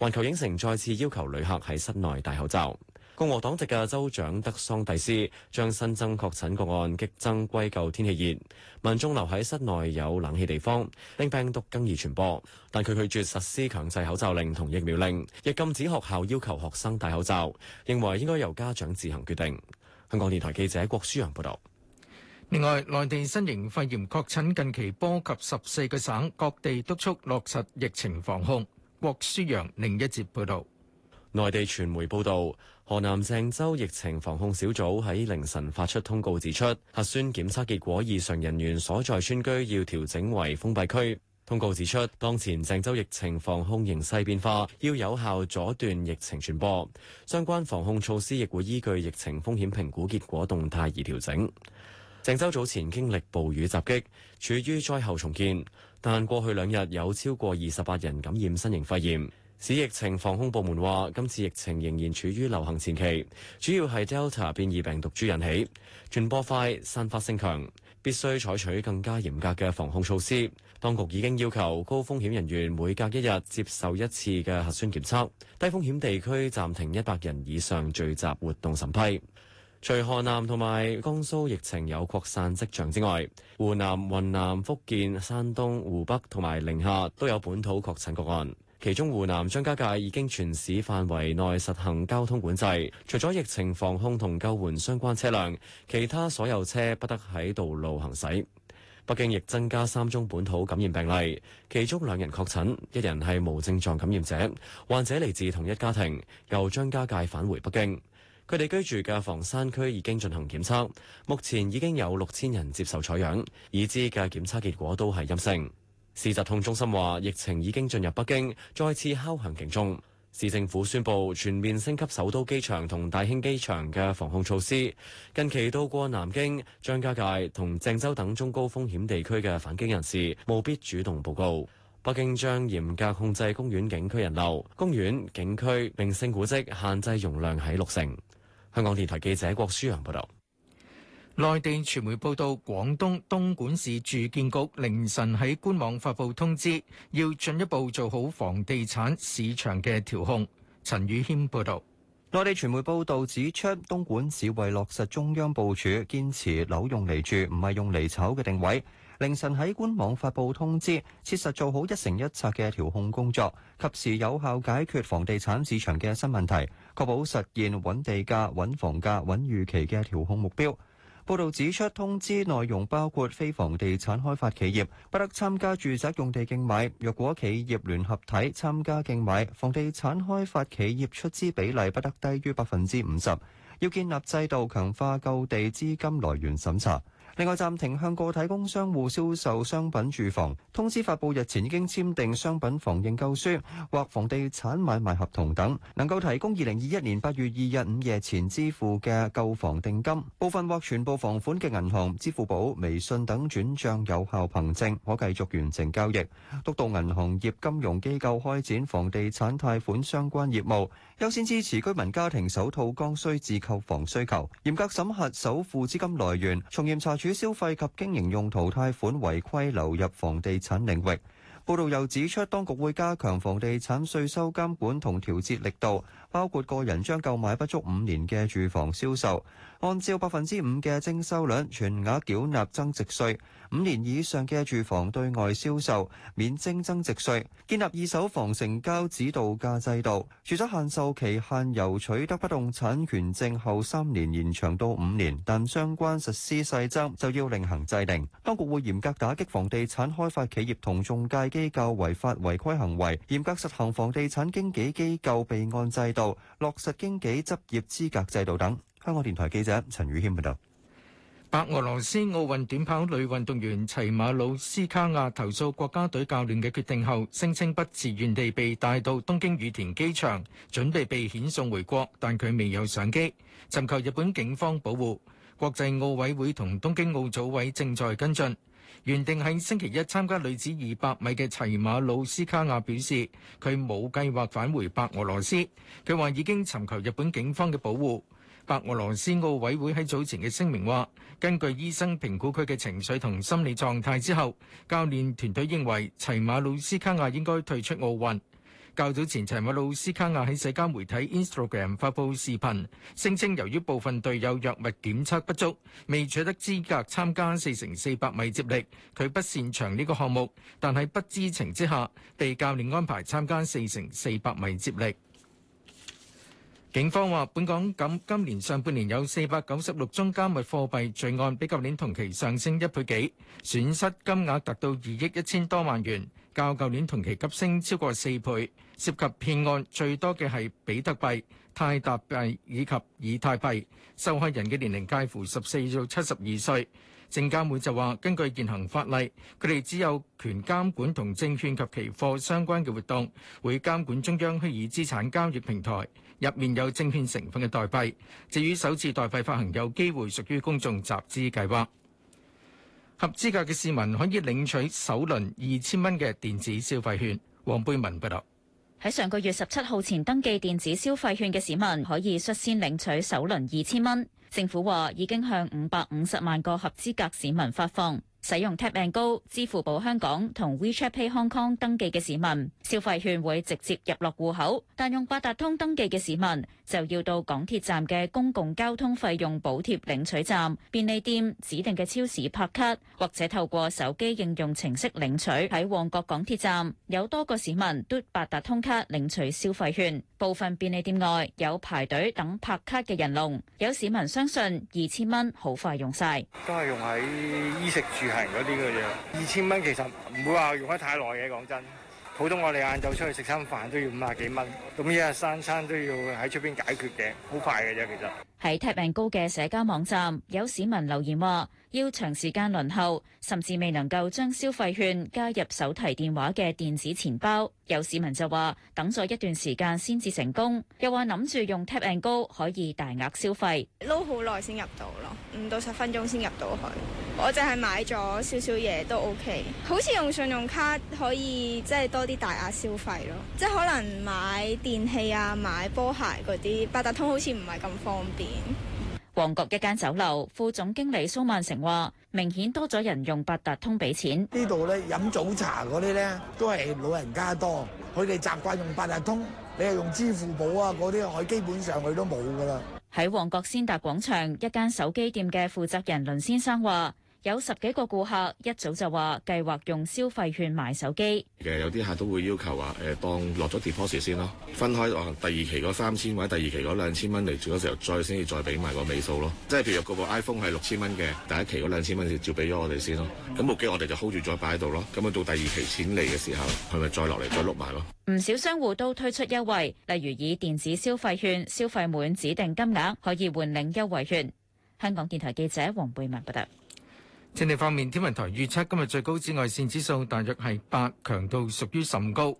[SPEAKER 2] 環球影城再次要求旅客喺室內戴口罩。共和黨籍嘅州長德桑蒂斯將新增確診個案激增歸咎天氣熱，民眾留喺室內有冷氣地方，令病毒更易傳播。但佢拒絕實施強制口罩令同疫苗令，亦禁止學校要求學生戴口罩，認為應該由家長自行決定。香港電台記者郭舒揚報道。
[SPEAKER 1] 另外，內地新型肺炎確診近期波及十四個省，各地督促落實疫情防控。郭舒陽另一節報道，
[SPEAKER 2] 內地傳媒報道，河南鄭州疫情防控小組喺凌晨發出通告指出，核酸檢測結果異常人員所在村居要調整為封閉區。通告指出，當前鄭州疫情防控形勢變化，要有效阻斷疫情傳播，相關防控措施亦會依據疫情風險評估結果動態而調整。鄭州早前經歷暴雨襲擊，處於災後重建。但過去兩日有超過二十八人感染新型肺炎，市疫情防控部門話：今次疫情仍然處於流行前期，主要係 Delta 變異病毒株引起，傳播快、散發性強，必須採取更加嚴格嘅防控措施。當局已經要求高風險人員每隔一日接受一次嘅核酸檢測，低風險地區暫停一百人以上聚集活動審批。除河南同埋江蘇疫情有擴散跡象之外，湖南、雲南、福建、山東、湖北同埋寧夏都有本土確診個案。其中湖南張家界已經全市範圍內實行交通管制，除咗疫情防控同救援相關車輛，其他所有車不得喺道路行駛。北京亦增加三宗本土感染病例，其中兩人確診，一人係無症狀感染者，患者嚟自，同一家庭，由張家界返回北京。佢哋居住嘅房山區已經進行檢測，目前已經有六千人接受採樣，已知嘅檢測結果都係陰性。市疾控中心話疫情已經進入北京，再次敲響警鐘，市政府宣布全面升級首都機場同大興機場嘅防控措施。近期到過南京、張家界同鄭州等中高風險地區嘅返京人士，務必主動報告。北京將嚴格控制公園景區人流，公園景區名勝古迹限制容量喺六成。香港電台記者郭舒陽報道，
[SPEAKER 1] 內地傳媒報道，廣東東莞市住建局凌晨喺官網發布通知，要進一步做好房地產市場嘅調控。
[SPEAKER 9] 陳宇謙報道，內地傳媒報道指出，東莞市為落實中央部署，堅持樓用嚟住，唔係用嚟炒嘅定位。凌晨喺官網發布通知，切實做好一城一策嘅調控工作，及時有效解決房地產市場嘅新問題，確保實現穩地價、穩房價、穩預期嘅調控目標。報道指出，通知內容包括非房地產開發企業不得參加住宅用地競買；若果企業聯合體參加競買，房地產開發企業出資比例不得低於百分之五十；要建立制度，強化購地資金來源審查。另外暫停向個體工商戶銷售商品住房。通知發布日前已經簽訂商品房認購書或房地產買賣合同等，能夠提供二零二一年八月二日午夜前支付嘅購房定金，部分或全部房款嘅銀行、支付寶、微信等轉賬有效憑證，可繼續完成交易。督導銀行業金融機構開展房地產貸款相關業務。優先支持居民家庭首套剛需自購房需求，嚴格審核首付資金來源，從嚴查處消費及經營用途貸款違規流入房地產領域。報道又指出，當局會加強房地產稅收監管同調節力度。包括個人將購買不足五年嘅住房銷售，按照百分之五嘅徵收率全額繳納增值稅；五年以上嘅住房對外銷售免徵增值稅。建立二手房成交指導價制度，除咗限售期限由取得不動產權證後三年延長到五年，但相關實施細則就要另行制定。當局會嚴格打擊房地產開發企業同中介機構違法違規行為，嚴格實行房地產經紀機構備案制度。落實經紀執業資格制度等。香港電台記者陳宇謙報道。
[SPEAKER 1] 白俄羅斯奧運短跑女運動員齊馬魯斯卡亞投訴國家隊教練嘅決定後，聲稱不自願地被帶到東京羽田機場，準備被遣送回國，但佢未有上機，尋求日本警方保護。國際奧委會同東京奧組委正在跟進。原定喺星期一參加女子二百米嘅齊馬魯斯卡亞表示，佢冇計劃返回白俄羅斯。佢話已經尋求日本警方嘅保護，白俄羅斯奧委會喺早前嘅聲明話，根據醫生評估佢嘅情緒同心理狀態之後，教練團隊認為齊馬魯斯卡亞應該退出奧運。較早前，柴馬魯斯卡亞喺社交媒體 Instagram 發佈視頻，聲稱由於部分隊友藥物檢測不足，未取得資格參加四乘四百米接力。佢不擅長呢個項目，但喺不知情之下，被教練安排參加四乘四百米接力。警方話，本港咁今年上半年有四百九十六宗加密貨幣罪案，比舊年同期上升一倍幾，損失金額達到二億一千多萬元。較舊年同期急升超過四倍，涉及騙案最多嘅係比特幣、泰達幣以及以太幣。受害人嘅年齡介乎十四到七十二歲。證監會就話，根據現行法例，佢哋只有權監管同證券及期貨相關嘅活動，會監管中央虛擬資產交易平台入面有證券成分嘅代幣。至於首次代幣發行，有機會屬於公眾集資計劃。合資格嘅市民可以領取首輪二千蚊嘅電子消費券。黃貝文報道，
[SPEAKER 13] 喺上個月十七號前登記電子消費券嘅市民可以率先領取首輪二千蚊。政府話已經向五百五十萬個合資格市民發放。使用 Tap and Go、支付寶香港同 WeChat Pay Hong Kong 登記嘅市民，消費券會直接入落戶口，但用八達通登記嘅市民。就要到港鐵站嘅公共交通費用補貼領取站、便利店指定嘅超市拍卡，或者透過手機應用程式領取。喺旺角港鐵站有多個市民嘟八達通卡領取消費券，部分便利店外有排隊等拍卡嘅人龍。有市民相信二千蚊好快用晒，
[SPEAKER 8] 都係用喺衣食住行嗰啲嘅嘢。二千蚊其實唔會話
[SPEAKER 7] 用得太耐嘅，講真。普通我哋晏晝出去食餐飯都要五啊幾蚊，咁一日三餐都要喺出邊解決嘅，好快嘅啫。其實
[SPEAKER 13] 喺踢命高嘅社交網站，有市民留言話。要長時間輪候，甚至未能夠將消費券加入手提電話嘅電子錢包。有市民就話：等咗一段時間先至成功，又話諗住用 tap and go 可以大額消費。撈好耐先入到咯，五到十分鐘先入到去。我淨係買咗少少嘢都 OK，好似用信用卡可以即係多啲大額消費咯，即係可能買電器啊、買波鞋嗰啲，八達通好似唔係咁方便。旺角一間酒樓副總經理蘇萬成話：明顯多咗人用八達通俾錢。呢度咧，飲早茶嗰啲咧，都係老人家多，佢哋習慣用八達通，你係用支付寶啊嗰啲，佢基本上佢都冇㗎喇。喺旺角先達廣場一間手機店嘅負責人林先生話。有十幾個顧客一早就話計劃用消費券買手機。
[SPEAKER 6] 誒有啲客都會要求話誒、呃、當落咗 deposit 先咯，分開第二期嗰三千或者第二期嗰兩千蚊嚟住嗰時候，再先至再俾埋個尾數咯。即係譬如個部 iPhone 係六千蚊嘅，第一期嗰兩千蚊就照俾咗我哋先咯。咁部機我哋就 hold 住再擺喺度咯。咁啊到第二期錢嚟嘅時候，佢咪再落嚟再碌埋咯。
[SPEAKER 13] 唔少商戶都推出優惠，例如以電子消費券消費滿指定金額可以換領優惠券。香港電台記者黃貝文報道。
[SPEAKER 1] 天氣方面，天文台預測今日最高紫外線指數大約係八，強度屬於甚高。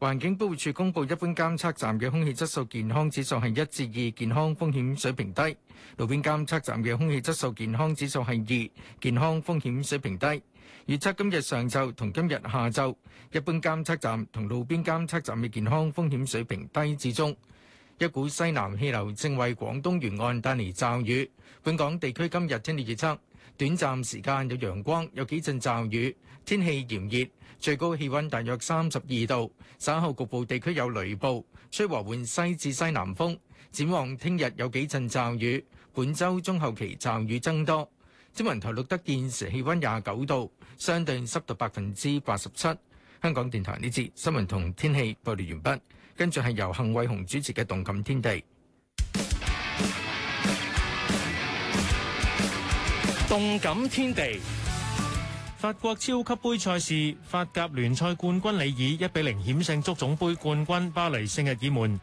[SPEAKER 1] 環境保護署公布一般監測站嘅空氣質素健康指數係一至二，健康風險水平低；路邊監測站嘅空氣質素健康指數係二，健康風險水平低。預測今日上晝同今日下晝，一般監測站同路邊監測站嘅健康風險水平低至中。一股西南氣流正為廣東沿岸帶嚟驟雨，本港地區今日天氣預測。短暫時間有陽光，有幾陣驟雨，天氣炎熱，最高氣溫大約三十二度。稍後局部地區有雷暴，吹和緩西至西南風。展望聽日有幾陣驟雨，本周中後期驟雨增多。天文台錄得現時氣溫廿九度，相對濕度百分之八十七。香港電台呢節新聞同天氣報道完畢，跟住係由幸偉雄主持嘅《動感天地》。動感天地，法國超級杯賽事，法
[SPEAKER 14] 甲聯賽冠軍里爾一比零險勝足總杯冠軍巴黎聖日耳門。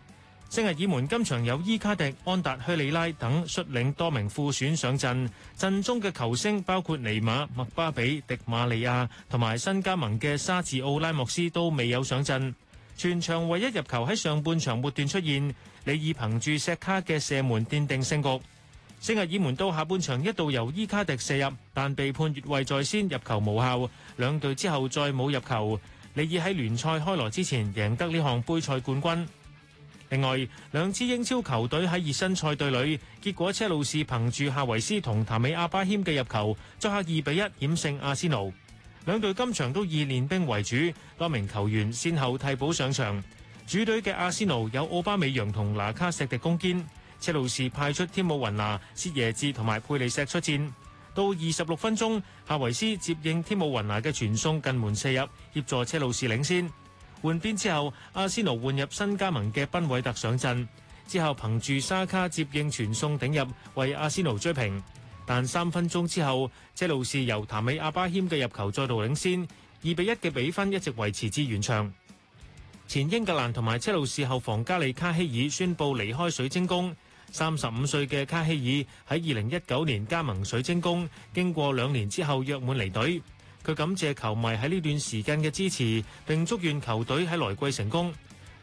[SPEAKER 14] 聖日耳門今場有伊卡迪、安達、希里拉等率領多名副選上陣，陣中嘅球星包括尼馬、麥巴比、迪馬利亞同埋新加盟嘅沙治奧拉莫斯都未有上陣。全場唯一入球喺上半場末段出現，里爾憑住石卡嘅射門奠定勝局。聖日耳門到下半場一度由伊卡迪射入，但被判越位在先，入球無效。兩隊之後再冇入球。利爾喺聯賽開鑼之前贏得呢項盃賽冠軍。另外，兩支英超球隊喺熱身賽對壘，結果車路士憑住夏維斯同譚美阿巴謙嘅入球，作客二比一險勝阿仙奴。兩隊今場都以練兵為主，多名球員先後替補上場。主隊嘅阿仙奴有奧巴美揚同拿卡錫迪攻堅。車路士派出天母雲拿、薛耶智同埋佩利石出戰。到二十六分鐘，夏維斯接應天母雲拿嘅傳送近門射入，協助車路士領先。換邊之後，阿仙奴換入新加盟嘅賓偉特上陣，之後憑住沙卡接應傳送頂入，為阿仙奴追平。但三分鐘之後，車路士由譚美阿巴謙嘅入球再度領先，二比一嘅比分一直維持至完場。前英格蘭同埋車路士後防加里卡希爾宣布離開水晶宮。三十五歲嘅卡希爾喺二零一九年加盟水晶宮，經過兩年之後約滿離隊。佢感謝球迷喺呢段時間嘅支持，並祝願球隊喺來季成功。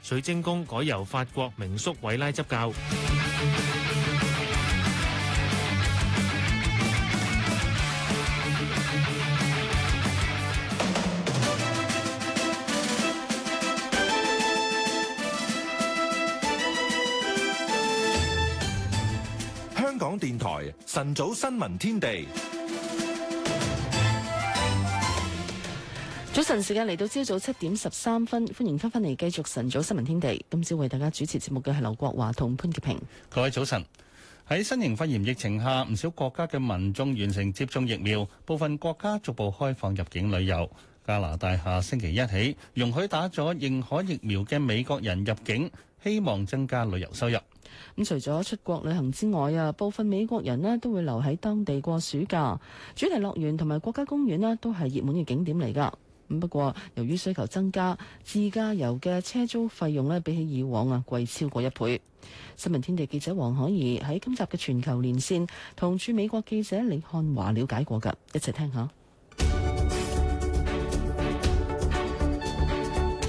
[SPEAKER 14] 水晶宮改由法國名宿韋拉執教。
[SPEAKER 1] 晨早新聞天
[SPEAKER 9] 地，
[SPEAKER 3] 早晨時間嚟到，朝早七點十三分，歡迎翻返嚟繼續晨早新聞天地。今朝為大家主持節目嘅係劉國華同潘潔平。
[SPEAKER 4] 各位早晨。喺新型肺炎疫情下，唔少國家嘅民眾完成接種疫苗，部分國家逐步開放入境旅遊。加拿大下星期一起容許打咗認可疫苗嘅美國人入境。希望增加旅遊收入。咁
[SPEAKER 3] 除咗出國旅行之外啊，部分美國人咧，都會留喺當地過暑假。主題樂園同埋國家公園咧，都係熱門嘅景點嚟噶。咁不過由於需求增加，自駕遊嘅車租費用咧，比起以往啊貴超過一倍。新聞天地記者黃可怡喺今集嘅全球連線同駐美國記者李漢華了解過噶，一齊聽下。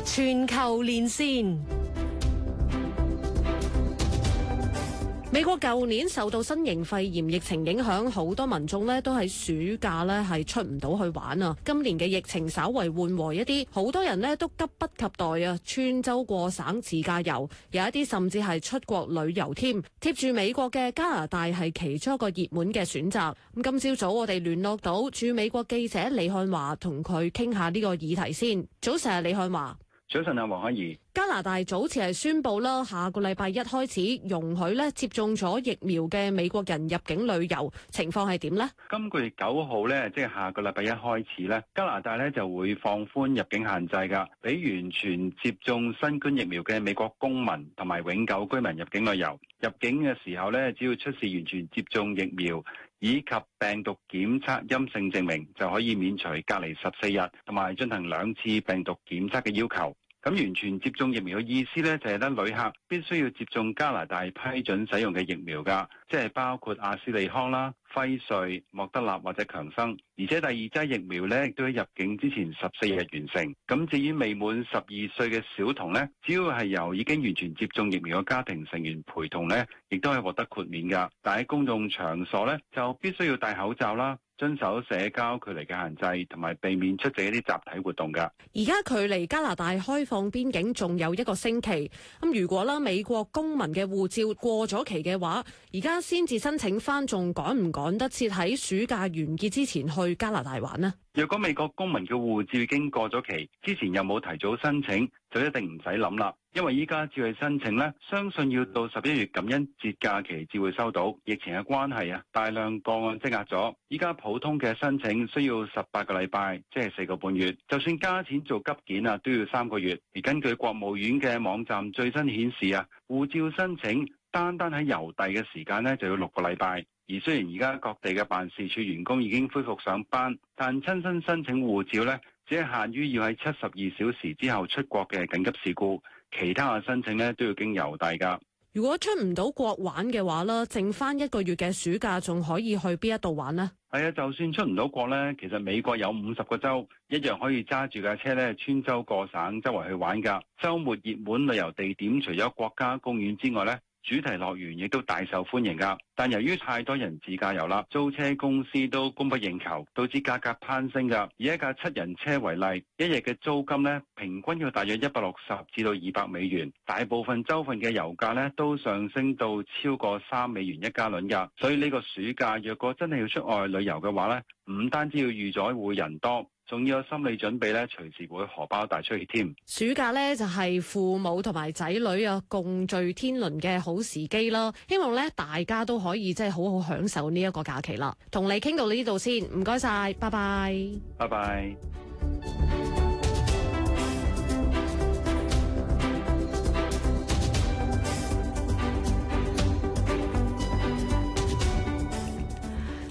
[SPEAKER 3] 全球連線。
[SPEAKER 10] 美國舊年受到新型肺炎疫情影響，好多民眾咧都喺暑假咧係出唔到去玩啊！今年嘅疫情稍為緩和一啲，好多人咧都急不及待啊，穿州過省自駕遊，有一啲甚至係出國旅遊添。貼住美國嘅加拿大係其中一個熱門嘅選擇。咁今朝早，早我哋聯絡到駐美國記者李漢華，同佢傾下呢個議題先。早晨，李漢華。
[SPEAKER 15] 早晨啊，黃海怡。
[SPEAKER 10] 加拿大早前係宣布啦，下個禮拜一開始容許咧接種咗疫苗嘅美國人入境旅遊，情況係點咧？
[SPEAKER 15] 今個月九號咧，即係下個禮拜一開始咧，加拿大咧就會放寬入境限制噶，俾完全接種新冠疫苗嘅美國公民同埋永久居民入境旅遊。入境嘅時候咧，只要出示完全接種疫苗。以及病毒檢測陰性證明，就可以免除隔離十四日，同埋進行兩次病毒檢測嘅要求。咁完全接種疫苗嘅意思咧，就係咧，旅客必須要接種加拿大批准使用嘅疫苗噶，即係包括阿斯利康啦、輝瑞、莫德納或者強生。而且第二劑疫苗咧，亦都喺入境之前十四日完成。咁至於未滿十二歲嘅小童咧，只要係由已經完全接種疫苗嘅家庭成員陪同咧，亦都係獲得豁免噶。但喺公眾場所咧，就必須要戴口罩啦。遵守社交距離嘅限制，同埋避免出席一啲集體活動㗎。而
[SPEAKER 10] 家距離加拿大開放邊境仲有一個星期，咁如果啦美國公民嘅護照過咗期嘅話，而家先至申請返，仲趕唔趕得切喺暑假完結之前去加拿大玩呢？
[SPEAKER 15] 若果美國公民嘅護照已經過咗期，之前又冇提早申請，就一定唔使諗啦。因為依家照去申請呢，相信要到十一月感恩節假期至會收到。疫情嘅關係啊，大量個案積壓咗，依家普通嘅申請需要十八個禮拜，即係四個半月。就算加錢做急件啊，都要三個月。而根據國務院嘅網站最新顯示啊，護照申請單單喺郵遞嘅時間呢，就要六個禮拜。而雖然而家各地嘅辦事處員工已經恢復上班，但親身申請護照呢，只限於要喺七十二小時之後出國嘅緊急事故，其他嘅申請呢，都要經郵遞㗎。
[SPEAKER 10] 如果出唔到國玩嘅話咧，剩翻一個月嘅暑假仲可以去邊一度玩呢？
[SPEAKER 15] 係啊、哎，就算出唔到國呢，其實美國有五十個州一樣可以揸住架車呢，穿州過省周圍去玩㗎。週末熱門旅遊地點除咗國家公園之外呢。主題樂園亦都大受歡迎㗎，但由於太多人自駕遊啦，租車公司都供不應求，導致價格攀升㗎。以一架七人車為例，一日嘅租金呢，平均要大約一百六十至到二百美元。大部分州份嘅油價呢都上升到超過三美元一加侖㗎，所以呢個暑假若果真係要出外旅遊嘅話呢，唔單止要預咗會人多。仲要有心理準備咧，隨時會荷包大出血添。
[SPEAKER 10] 暑假咧就係父母同埋仔女啊共聚天倫嘅好時機啦。希望咧大家都可以即係好好享受呢一個假期啦。同你傾到呢度先，唔該晒，拜拜，
[SPEAKER 15] 拜拜。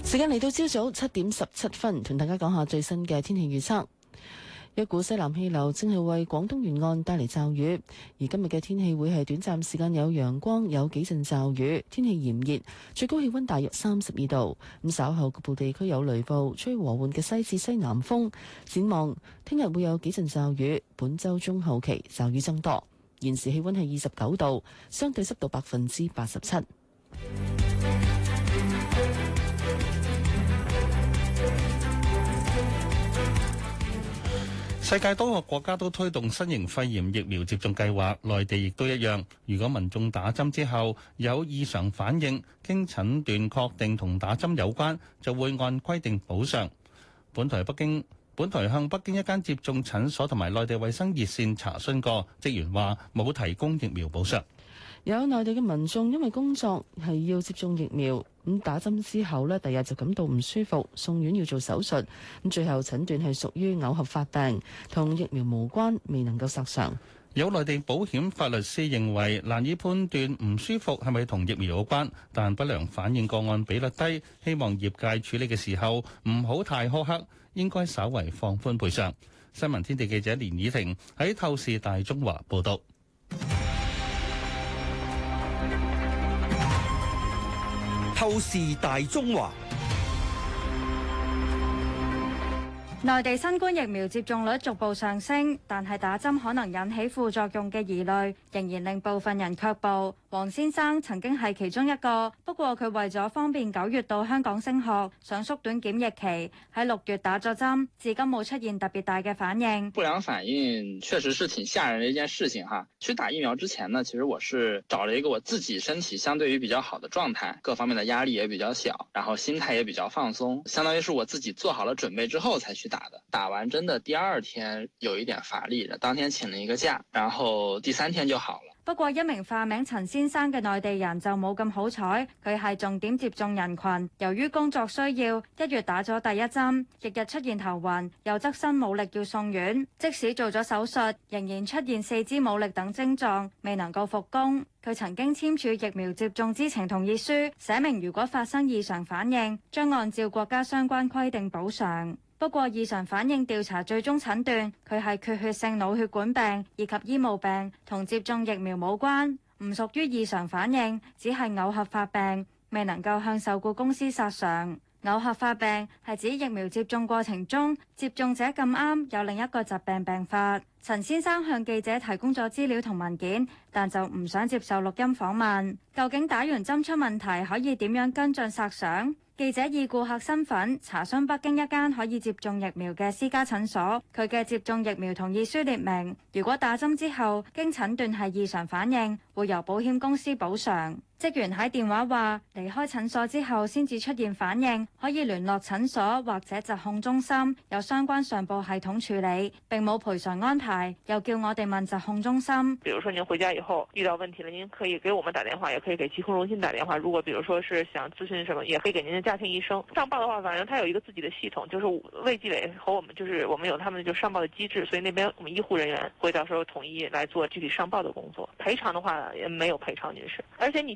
[SPEAKER 3] 時間嚟到朝早七點十七分，同大家講下最新嘅天氣預測。一股西南氣流正係為廣東沿岸帶嚟驟雨，而今日嘅天氣會係短暫時間有陽光，有幾陣驟雨，天氣炎熱，最高氣溫大約三十二度。咁稍後局部地區有雷暴，吹和緩嘅西至西南風。展望聽日會有幾陣驟雨，本周中後期驟雨增多。現時氣溫係二十九度，相對濕度百分之八十七。世界多個
[SPEAKER 4] 國家都推動新型肺炎疫苗接種計劃，內地亦都一樣，如果民眾打針之後有異常反應，經診斷確定同打針有關，就會按規定補償。本台北京本台向北京一間接種診所同埋內地衛生熱線查詢過，職員話冇提供疫苗補償。
[SPEAKER 3] 有內地嘅民眾因為工作係要接種疫苗，咁打針之後呢，第日就感到唔舒服，送院要做手術，咁最後診斷係屬於偶合發病，同疫苗無關，未能夠賠償。
[SPEAKER 4] 有內地保險法律師認為難以判斷唔舒服係咪同疫苗有關，但不良反應個案比率低，希望業界處理嘅時候唔好太苛刻，應該稍為放寬賠償。新聞天地記者連以婷喺透視大中華報道。
[SPEAKER 1] 透視大中華，
[SPEAKER 16] 內地新冠疫苗接種率逐步上升，但係打針可能引起副作用嘅疑慮，仍然令部分人卻步。王先生曾經係其中一個，不過佢為咗方便九月到香港升學，想縮短檢疫期，喺六月打咗針，至今冇出現特別大嘅反應。不良反應
[SPEAKER 6] 確實是挺嚇人嘅一件事情哈。去打疫苗之前呢，其實我是找了一個我自己身體相對於比較好的狀態，各方面的壓力也比較小，然後心態也比較放鬆，相當於是我自己做好了準備之後才去打的。打完針的第二天
[SPEAKER 16] 有一點乏力，
[SPEAKER 6] 當天請了一個假，然後第三天就好了。
[SPEAKER 16] 不過，一名化名陳先生嘅內地人就冇咁好彩，佢係重點接種人群，由於工作需要，一月打咗第一針，日日出現頭暈，又側身冇力要送院，即使做咗手術，仍然出現四肢冇力等症狀，未能夠復工。佢曾經簽署疫苗接種知情同意書，寫明如果發生異常反應，將按照國家相關規定補償。不過，異常反應調查最終診斷佢係缺血性腦血管病，以及醫務病同接種疫苗冇關，唔屬於異常反應，只係偶合發病，未能夠向受雇公司索償。偶合發病係指疫苗接種過程中，接種者咁啱有另一個疾病病發。陳先生向記者提供咗資料同文件，但就唔想接受錄音訪問。究竟打完針出問題可以點樣跟進索償？記者以顧客身份查詢北京一間可以接種疫苗嘅私家診所，佢嘅接種疫苗同意書列明，如果打針之後經診斷係異常反應，會由保險公司補償。職員喺電話話離開診所之後先至出現反應，可以聯絡診所或者疾控中心，有相關上報系統處理，並冇賠償安排。又叫我哋問疾控中心。
[SPEAKER 17] 比如說您回家以後遇到問題了，您可以給我們打電話，也可以給疾控中心打電話。如果比如說是想諮詢什麼，也可以給您的家庭醫生上報的話，反正他有一個自己的系統，就是衛計委和我們，就是我們有他們就上報的機制，所以那邊我們醫護人員會到時候統一來做具體上報的工作。賠償的話，也沒有賠償，女士，而且你。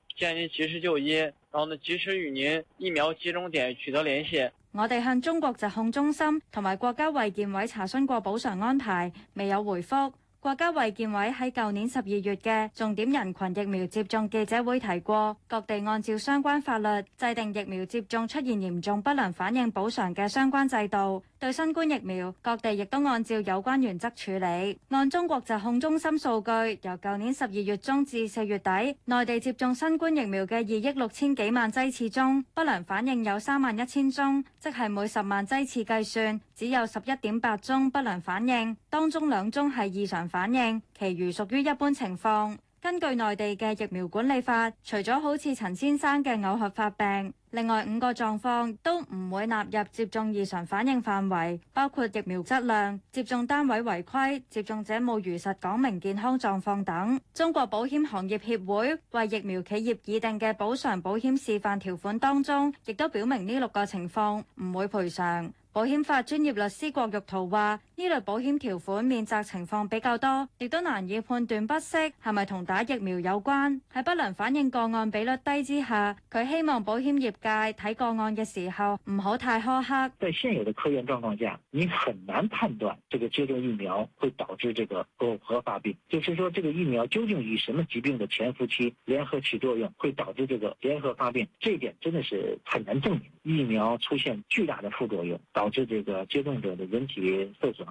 [SPEAKER 2] 建議您及時就醫，然後呢，及時與您疫苗接種點取得聯繫。
[SPEAKER 16] 我哋向中國疾控中心同埋國家衛健委查詢過補償安排，未有回覆。國家衛健委喺舊年十二月嘅重點人群疫苗接種記者會提過，各地按照相關法律制定疫苗接種出現嚴重不良反應補償嘅相關制度。對新冠疫苗，各地亦都按照有關原則處理。按中國疾控中心數據，由舊年十二月中至四月底，內地接種新冠疫苗嘅二億六千幾萬劑次中，不良反應有三萬一千宗，即係每十萬劑次計算，只有十一點八宗不良反應。當中兩宗係異常反應，其餘屬於一般情況。根據內地嘅疫苗管理法，除咗好似陳先生嘅偶合發病，另外五個狀況都唔會納入接種異常反應範圍，包括疫苗質量、接種單位違規、接種者冇如實講明健康狀況等。中國保險行業協會為疫苗企業擬定嘅補償保險示範條款當中，亦都表明呢六個情況唔會賠償。保險法專業律師郭玉圖話。呢類保險條款免責情況比較多，亦都難以判斷不適係咪同打疫苗有關，喺不良反應個案比率低之下，佢希望保險業界睇個案嘅時候唔好太苛刻。在現有的
[SPEAKER 17] 科研狀況下，你很難判斷這個接種疫苗會導致這個偶合發病，就是說，這個疫苗究竟與什麼疾病的潛伏期聯合起作用，會導致這個聯合發病，這一點真的是很難證明。疫苗出現巨大的副作用，導致這個接種者的人體受損。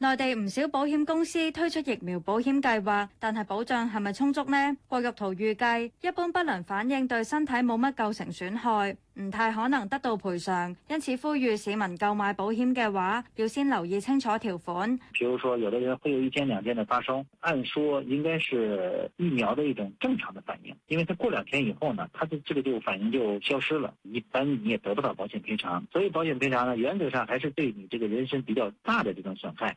[SPEAKER 16] 內地唔少保險公司推出疫苗保險計劃，但係保障係咪充足呢？郭玉圖預計，一般不良反應對身體冇乜構成損害，唔太可能得到賠償。因此呼籲市民購買保險嘅話，要先留意清楚條款。
[SPEAKER 17] 比如說，有的人會有一天、兩天的發燒，按說應該是疫苗的一種正常的反應，因為它過兩天以後呢，它的這個就反應就消失了，一般你也得不到保險賠償。所以保險賠償呢，原則上還是對你這個人身比較大的這種損害。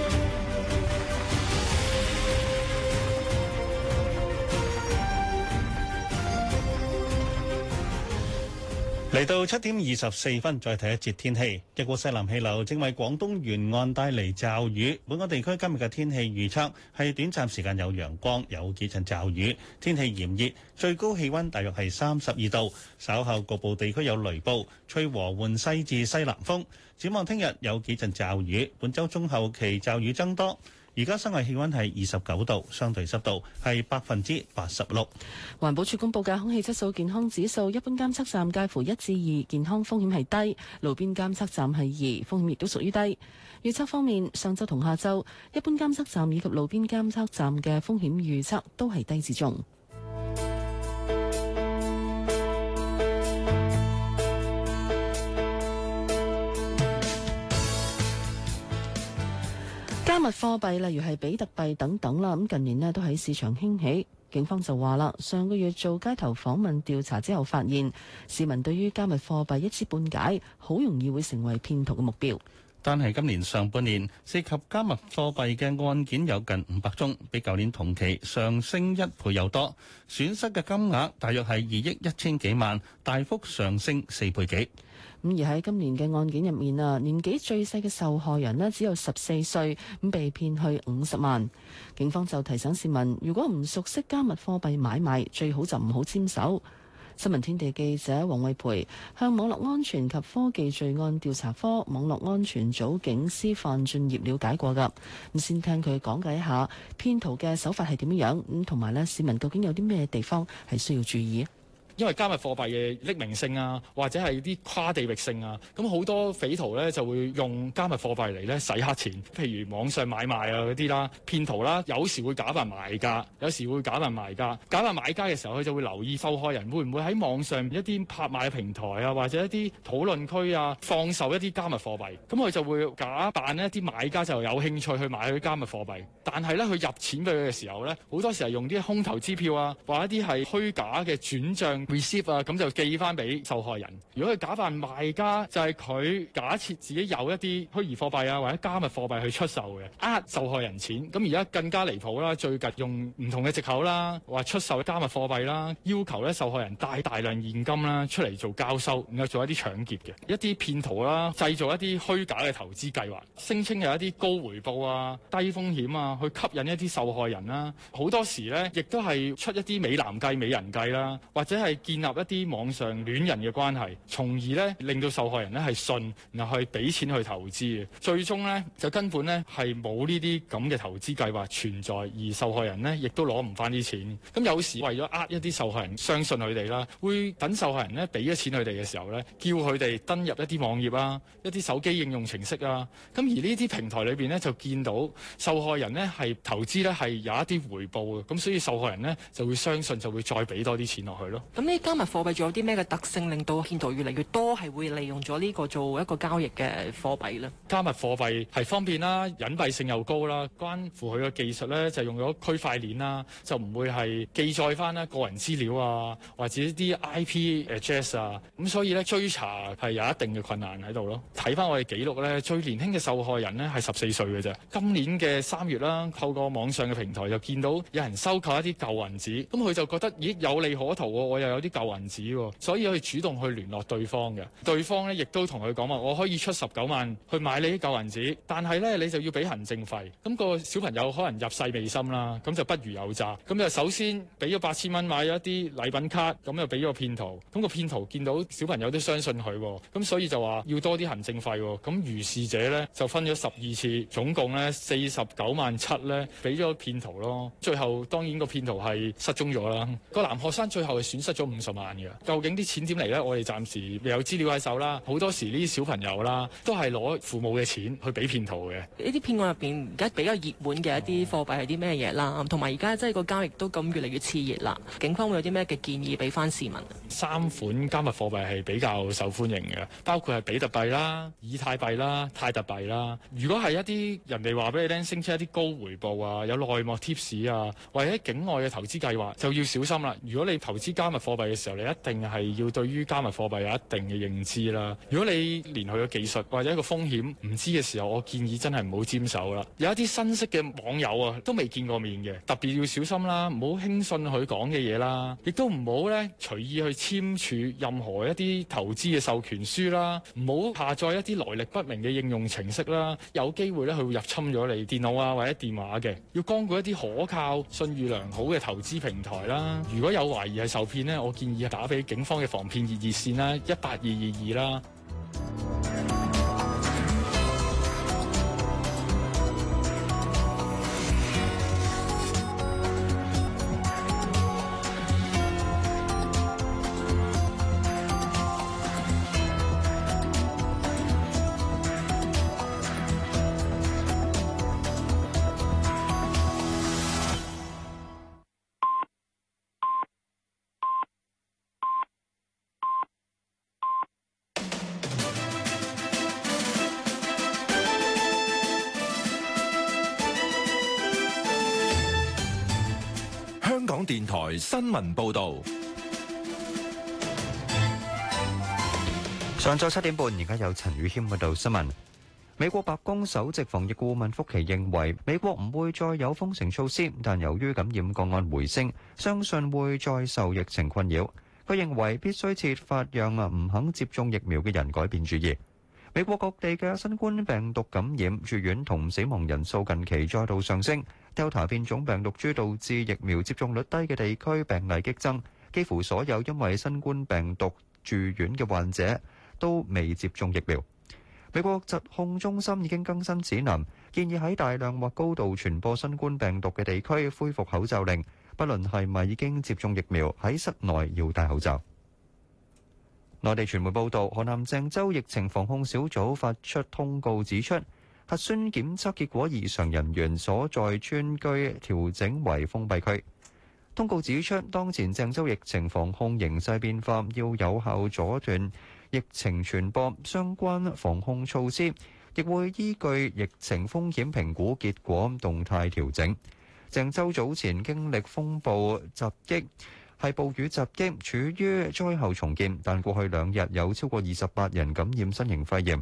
[SPEAKER 4] 嚟到七點二十四分，再睇一節天氣。一股西南氣流正為廣東沿岸帶嚟驟雨。本港地區今日嘅天氣預測係短暫時間有陽光，有幾陣驟雨，天氣炎熱，最高氣温大約係三十二度。稍後局部地區有雷暴，吹和緩西至西南風。展望聽日有幾陣驟雨，本週中後期驟雨增多。而家室外氣溫係二十九度，相對濕度係百分之八十六。
[SPEAKER 3] 環保署公佈嘅空氣質素健康指數，一般監測站介乎一至二，健康風險係低；路邊監測站係二，風險亦都屬於低。預測方面，上週同下週，一般監測站以及路邊監測站嘅風險預測都係低至中。加密貨幣例如係比特幣等等啦，咁近年呢都喺市場興起。警方就話啦，上個月做街頭訪問調查之後，發現市民對於加密貨幣一知半解，好容易會成為騙徒嘅目標。
[SPEAKER 4] 但係今年上半年涉及加密貨幣嘅案件有近五百宗，比舊年同期上升一倍又多，損失嘅金額大約係二億一千幾萬，大幅上升四倍幾。
[SPEAKER 3] 咁而喺今年嘅案件入面啊，年紀最細嘅受害人咧只有十四歲，咁被騙去五十萬，警方就提醒市民，如果唔熟悉加密貨幣買賣最好就唔好沾手。新聞天地記者黃惠培向網絡安全及科技罪案調查科網絡安全組警司范俊業了解過，噶，咁先聽佢講解一下騙徒嘅手法係點樣樣，咁同埋咧市民究竟有啲咩地方係需要注意。
[SPEAKER 8] 因為加密貨幣嘅匿名性啊，或者係啲跨地域性啊，咁好多匪徒呢就會用加密貨幣嚟呢洗黑錢。譬如網上買賣啊嗰啲啦，騙徒啦，有時會假扮買家，有時會假扮賣家。假扮買家嘅時候，佢就會留意受害人，會唔會喺網上一啲拍賣平台啊，或者一啲討論區啊，放售一啲加密貨幣。咁佢就會假扮一啲買家，就有興趣去買啲加密貨幣。但係呢，佢入錢俾佢嘅時候呢，好多時候用啲空頭支票啊，或者一啲係虛假嘅轉賬。r e 啊，咁就寄翻俾受害人。如果佢假扮賣家，就係佢假設自己有一啲虛擬貨幣啊，或者加密貨幣去出售嘅，呃受害人錢。咁而家更加離譜啦，最近用唔同嘅藉口啦，話出售加密貨幣啦，要求咧受害人帶大量現金啦出嚟做交收，然後做一啲搶劫嘅，一啲騙徒啦，製造一啲虛假嘅投資計劃，聲稱有一啲高回報啊、低風險啊，去吸引一啲受害人啦。好多時咧，亦都係出一啲美男計、美人計啦，或者係。係建立一啲網上戀人嘅關係，從而咧令到受害人咧係信，然後去俾錢去投資嘅。最終咧就根本咧係冇呢啲咁嘅投資計劃存在，而受害人咧亦都攞唔翻啲錢。咁有時為咗呃一啲受害人相信佢哋啦，會等受害人咧俾咗錢佢哋嘅時候咧，叫佢哋登入一啲網頁啊，一啲手機應用程式啊。咁而呢啲平台裏邊咧就見到受害人咧係投資咧係有一啲回報嘅，咁所以受害人咧就會相信，就會再俾多啲錢落去咯。
[SPEAKER 12] 咁呢加密貨幣仲有啲咩嘅特性，令到騙徒越嚟越多係會利用咗呢個做一個交易嘅貨幣咧？
[SPEAKER 8] 加密貨幣係方便啦，隱蔽性又高啦。關乎佢嘅技術咧，就用咗區塊鏈啦，就唔會係記載翻咧個人資料啊，或者啲 IP address 啊。咁所以咧追查係有一定嘅困難喺度咯。睇翻我哋記錄咧，最年輕嘅受害人咧係十四歲嘅啫。今年嘅三月啦，透過網上嘅平台就見到有人收購一啲舊銀紙，咁佢就覺得，咦，有利可圖喎、啊，我又～有啲舊銀紙喎，所以佢主動去聯絡對方嘅，對方咧亦都同佢講話，我可以出十九萬去買你啲舊銀紙，但係咧你就要俾行政費。咁個小朋友可能入世未深啦，咁就不如有詐。咁就首先俾咗八千蚊買咗一啲禮品卡，咁又俾咗個騙徒。咁個騙徒見到小朋友都相信佢，咁所以就話要多啲行政費。咁於是者咧就分咗十二次，總共咧四十九萬七咧俾咗騙徒咯。最後當然個騙徒係失蹤咗啦。個男學生最後係損失咗。都五十萬嘅，究竟啲錢點嚟呢？我哋暫時未有資料喺手啦，好多時呢啲小朋友啦，都係攞父母嘅錢去俾騙徒嘅。
[SPEAKER 12] 呢啲騙案入邊而家比較熱門嘅一啲貨幣係啲咩嘢啦？同埋而家即係個交易都咁越嚟越熾熱啦，警方會有啲咩嘅建議俾翻市民？
[SPEAKER 8] 三款加密貨幣係比較受歡迎嘅，包括係比特幣啦、以太幣啦、泰特幣啦。如果係一啲人哋話俾你聽，升出一啲高回報啊，有內幕 tips 啊，或者境外嘅投資計劃，就要小心啦。如果你投資加密貨，貨幣嘅時候，你一定係要對於加密貨幣有一定嘅認知啦。如果你連佢嘅技術或者一個風險唔知嘅時候，我建議真係唔好沾手啦。有一啲新識嘅網友啊，都未見過面嘅，特別要小心啦，唔好輕信佢講嘅嘢啦，亦都唔好咧隨意去簽署任何一啲投資嘅授權書啦，唔好下載一啲來歷不明嘅應用程式啦。有機會咧，佢會入侵咗你電腦啊或者電話嘅，要光顧一啲可靠、信譽良好嘅投資平台啦。如果有懷疑係受騙咧，我建議打俾警方嘅防騙熱熱線啦，一八二二二啦。
[SPEAKER 9] 新聞報道。上晝七點半，而家有陳宇謙報道新聞。美國白宮首席防疫顧問福奇認為，美國唔會再有封城措施，但由於感染個案回升，相信會再受疫情困擾。佢認為必須設法讓啊唔肯接種疫苗嘅人改變主意。美國各地嘅新冠病毒感染、住院同死亡人數近期再度上升，Delta 內地傳媒報導，河南鄭州疫情防控小組發出通告，指出核酸檢測結果異常人員所在村居調整為封閉區。通告指出，當前鄭州疫情防控形勢變化，要有效阻斷疫情傳播，相關防控措施亦會依據疫情風險評估結果動態調整。鄭州早前經歷風暴襲擊。係暴雨襲擊，處於災後重建，但過去兩日有超過二十八人感染新型肺炎，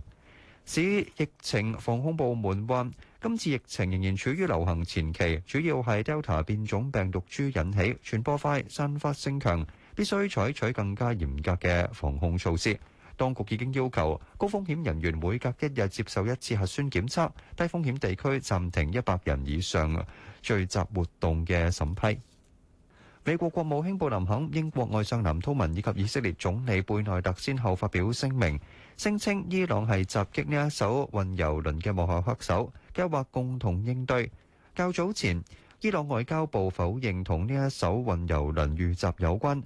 [SPEAKER 9] 市疫情防控部門話：今次疫情仍然處於流行前期，主要係 Delta 變種病毒株引起，傳播快、散發性強，必須採取更加嚴格嘅防控措施。當局已經要求高風險人員每隔一日接受一次核酸檢測，低風險地區暫停一百人以上聚集活動嘅審批。美國國務卿布林肯、英國外相林通文，以及以色列總理貝內特先後發表聲明，聲稱伊朗係襲擊呢一艘運油輪嘅幕後黑手，計劃共同應對。較早前伊朗外交部否認同呢一艘運油輪遇襲有關。呢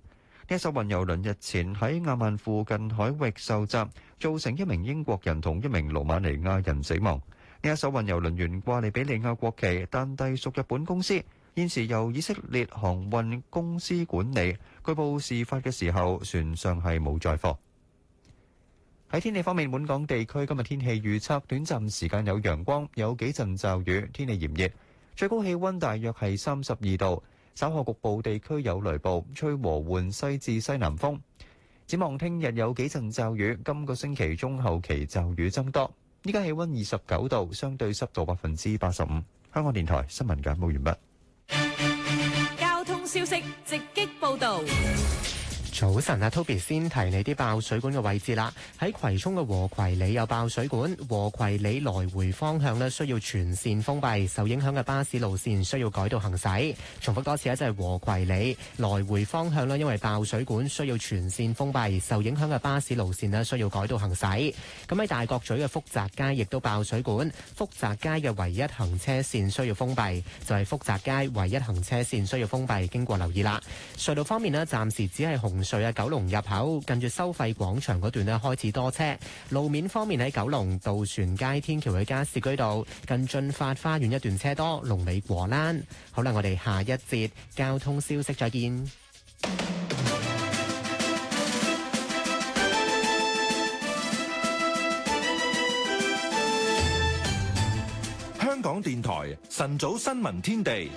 [SPEAKER 9] 一艘運油輪日前喺亞曼附近海域受襲，造成一名英國人同一名羅馬尼亞人死亡。呢一艘運油輪懸掛利比里亞國旗，但隸屬日本公司，現時由以色列航運公司管理。據報，事發嘅時候船上係冇載貨。喺天氣方面，本港地區今日天氣預測短暫時間有陽光，有幾陣驟雨，天氣炎熱，最高氣溫大約係三十二度。稍後局部地區有雷暴，吹和緩西至西南風。展望聽日有幾陣驟雨，今個星期中後期驟雨增多。依家氣溫二十九度，相對濕度百分之八十五。香港電台新聞簡報完畢。
[SPEAKER 10] 交通消息，直擊報道。
[SPEAKER 12] 早晨啊，Toby 先提你啲爆水管嘅位置啦。喺葵涌嘅禾葵里有爆水管，禾葵里來回方向咧需要全綫封閉，受影響嘅巴士路綫需要改道行駛。重複多次啊，即係禾葵里來回方向咧，因為爆水管需要全綫封閉，受影響嘅巴士路綫咧需要改道行駛。咁喺大角咀嘅福澤街亦都爆水管，福澤街嘅唯一行車綫需要封閉，就係福澤街唯一行車綫需要封閉，經過留意啦。隧道方面咧，暫時只係紅。水啊！九龍入口近住收費廣場嗰段咧開始多車，路面方面喺九龍渡船街天橋去加士居道近駿發花園一段車多，龍尾果欄。好啦，我哋下一節交通消息再見。
[SPEAKER 1] 香港電台晨早新聞天地。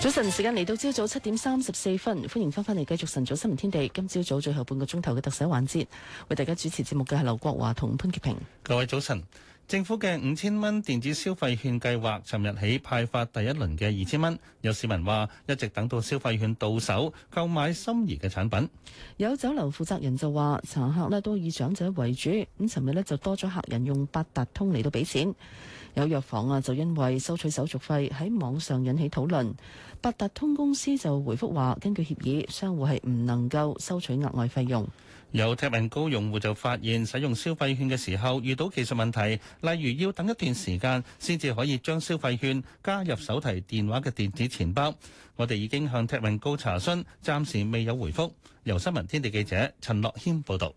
[SPEAKER 3] 早晨，時間嚟到朝早七點三十四分，歡迎翻返嚟繼續晨早新聞天地。今朝早，早最後半個鐘頭嘅特寫環節，為大家主持節目嘅係劉國華同潘潔平。
[SPEAKER 4] 各位早晨，政府嘅五千蚊電子消費券計劃，尋日起派發第一輪嘅二千蚊，有市民話一直等到消費券到手，購買心儀嘅產品。
[SPEAKER 3] 有酒樓負責人就話，茶客咧都以長者為主。咁尋日咧就多咗客人用八達通嚟到俾錢。有藥房啊，就因為收取手續費喺網上引起討論。八達通公司就回覆話：根據協議，商戶係唔能夠收取額外費用。
[SPEAKER 4] 有踢雲高用戶就發現，使用消費券嘅時候遇到技術問題，例如要等一段時間先至可以將消費券加入手提電話嘅電子錢包。我哋已經向踢
[SPEAKER 18] 雲高查詢，暫時未有回覆。由新聞天地記者陳樂軒報道。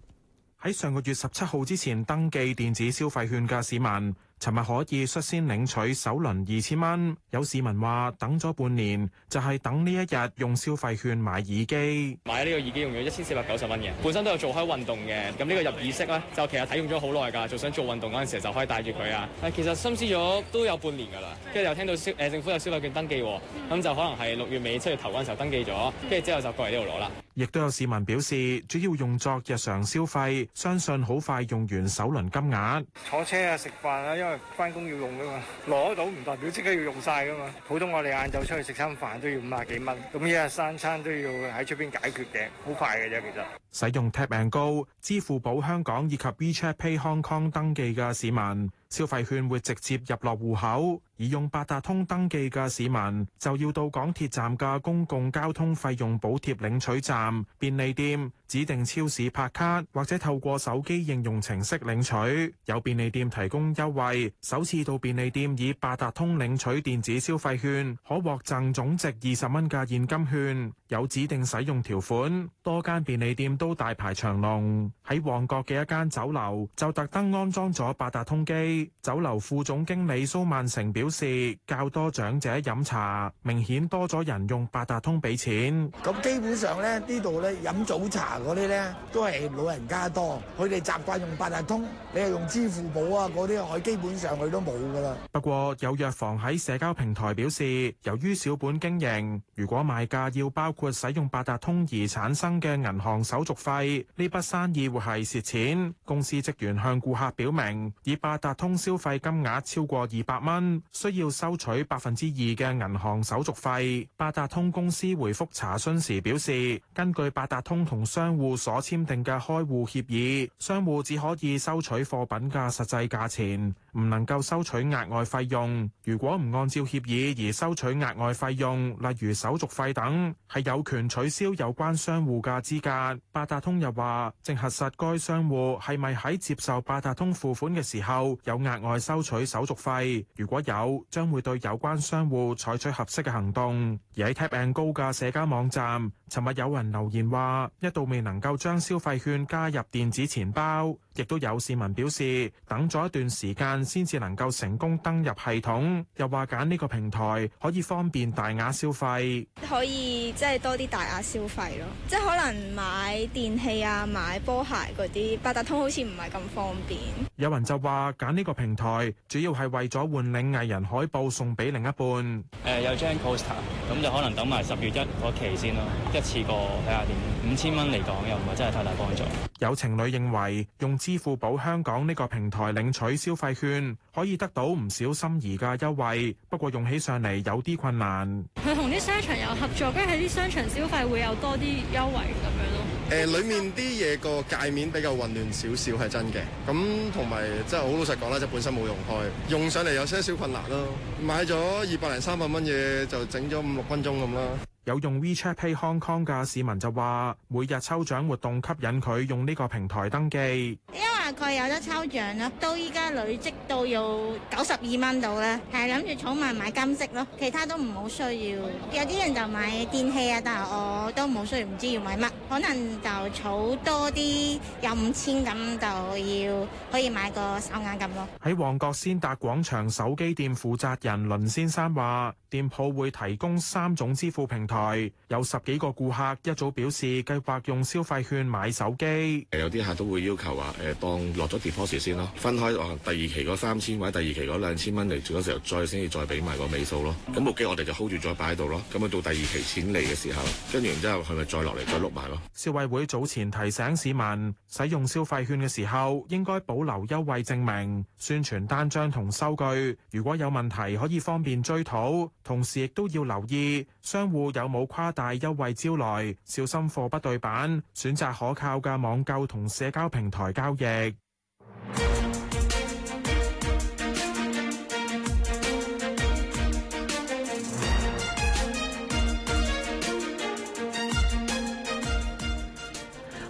[SPEAKER 18] 喺上個月十七號之前登記電子消費券嘅市民，尋日可以率先領取首輪二千蚊，有市民話等咗半年就係等呢一日用消費券買耳機。
[SPEAKER 8] 買呢個耳機用咗一千四百九十蚊嘅，本身都有做開運動嘅。噉呢個入耳式呢，就其實睇用咗好耐㗎。就想做運動嗰陣時就可以戴住佢呀。係其實深思咗都有半年㗎喇。跟住又聽到消，誒，政府有消費券登記，噉就可能係六月尾七月頭嗰陣時候登記咗，跟住之後就過嚟呢度攞喇。
[SPEAKER 18] 亦都有市民表示主要用作日常消費，相信好快用完首輪金額。
[SPEAKER 8] 坐車呀、食飯呀，因為翻工要用㗎
[SPEAKER 7] 嘛，攞到唔代表即刻要用晒㗎嘛。普通我哋晏晝出去食餐飯都要五廿幾蚊，咁一日三餐都要喺出邊解決嘅，好快嘅啫。其實
[SPEAKER 18] 使用 Tap and Go、支付寶香港以及 WeChat Pay Hong Kong 登記嘅市民，消費券會直接入落戶口，而用八達通登記嘅市民就要到港鐵站嘅公共交通費用補貼領取站、便利店、指定超市拍卡，或者透過手機應用程式領取。有便利店提供優惠，首次到便利店以八達通領取電子消費券，可獲贈總值二十蚊嘅現金券。有指定使用條款，多間便利店都大排長龍。喺旺角嘅一間酒樓就特登安裝咗八達通機。酒樓副總經理蘇萬成表示，較多長者飲茶，明顯多咗人用八達通俾錢。
[SPEAKER 6] 咁基本上呢，呢度呢，飲早茶嗰啲呢，都係老人家多，佢哋習慣用八達通。你係用支付寶啊嗰啲，我基本上佢都冇噶啦。
[SPEAKER 18] 不過有藥房喺社交平台表示，由於小本經營，如果賣價要包括使用八達通而產生嘅銀行手續費，呢筆生意會係蝕錢。公司職員向顧客表明，以八達通。消費金額超過二百蚊，200, 需要收取百分之二嘅銀行手續費。八達通公司回覆查詢時表示，根據八達通同商戶所簽訂嘅開戶協議，商戶只可以收取貨品嘅實際價錢。唔能夠收取額外費用。如果唔按照協議而收取額外費用，例如手續費等，係有權取消有關商戶嘅資格。八達通又話正核實該商戶係咪喺接受八達通付款嘅時候有額外收取手續費。如果有，將會對有關商戶採取合適嘅行動。而喺 Tap and Go 嘅社交網站，尋日有人留言話一度未能夠將消費券加入電子錢包，亦都有市民表示等咗一段時間，先至能夠成功登入系統，又話揀呢個平台可以方便大額消費，
[SPEAKER 13] 可以即係、就是、多啲大額消費咯，即係可能買電器啊、買波鞋嗰啲，八達通好似唔係咁方便。
[SPEAKER 18] 有人就話揀呢個平台主要係為咗換領藝人海報送俾另一半。
[SPEAKER 5] 誒、呃，有張 poster，咁就可能等埋十月一嗰、那個、
[SPEAKER 14] 期先咯，一次過睇下點。五千蚊嚟講又唔係真係太大幫助。
[SPEAKER 18] 有情侶認為用支付寶香港呢個平台領取消費券。可以得到唔少心儀嘅優惠，不過用起上嚟有啲困難。
[SPEAKER 10] 佢同啲商場有合作，跟住喺啲商場消費會有多啲優惠咁
[SPEAKER 18] 樣咯。誒、呃，裏面啲嘢個界面比較混
[SPEAKER 8] 亂少少係真嘅。咁同埋即係好老實講啦，即係本身冇用開，用上嚟有些少
[SPEAKER 18] 困難咯。買咗二百零三百蚊嘢就整咗五六分鐘咁啦。有用 WeChat Pay Hong Kong 嘅市民就話：每日抽獎活動吸引佢用呢個平台登記，
[SPEAKER 13] 因為佢有得抽獎咯。到依家累積到要九十二蚊到啦，係諗住儲埋買金飾咯，其他都唔好需要。有啲人就買電器啊，但係我都冇需要，唔知要買乜，可能就儲多啲，有五千咁就要可以買個手鐲咁咯。
[SPEAKER 18] 喺旺角先達廣場手機店負責人林先生話。店鋪會提供三種支付平台，有十幾個顧客一早表示計劃用消費券買手機。
[SPEAKER 6] 有啲客都會要求話：誒、呃，當落咗 deposit 先咯，分開、哦、第二期嗰三千或者第二期嗰兩千蚊嚟住，嗰時候再先至再俾埋個尾數咯。咁部機我哋就 hold 住再擺喺度咯。咁啊，到第二期錢嚟嘅時候，跟完之後係咪再落嚟再碌埋咯。
[SPEAKER 18] 消委會早前提醒市民，使用消費券嘅時候應該保留優惠證明、宣傳單張同收據，如果有問題可以方便追討。同時亦都要留意商戶有冇誇大優惠招來，小心貨不對版，選擇可靠嘅網購同社交平台交易。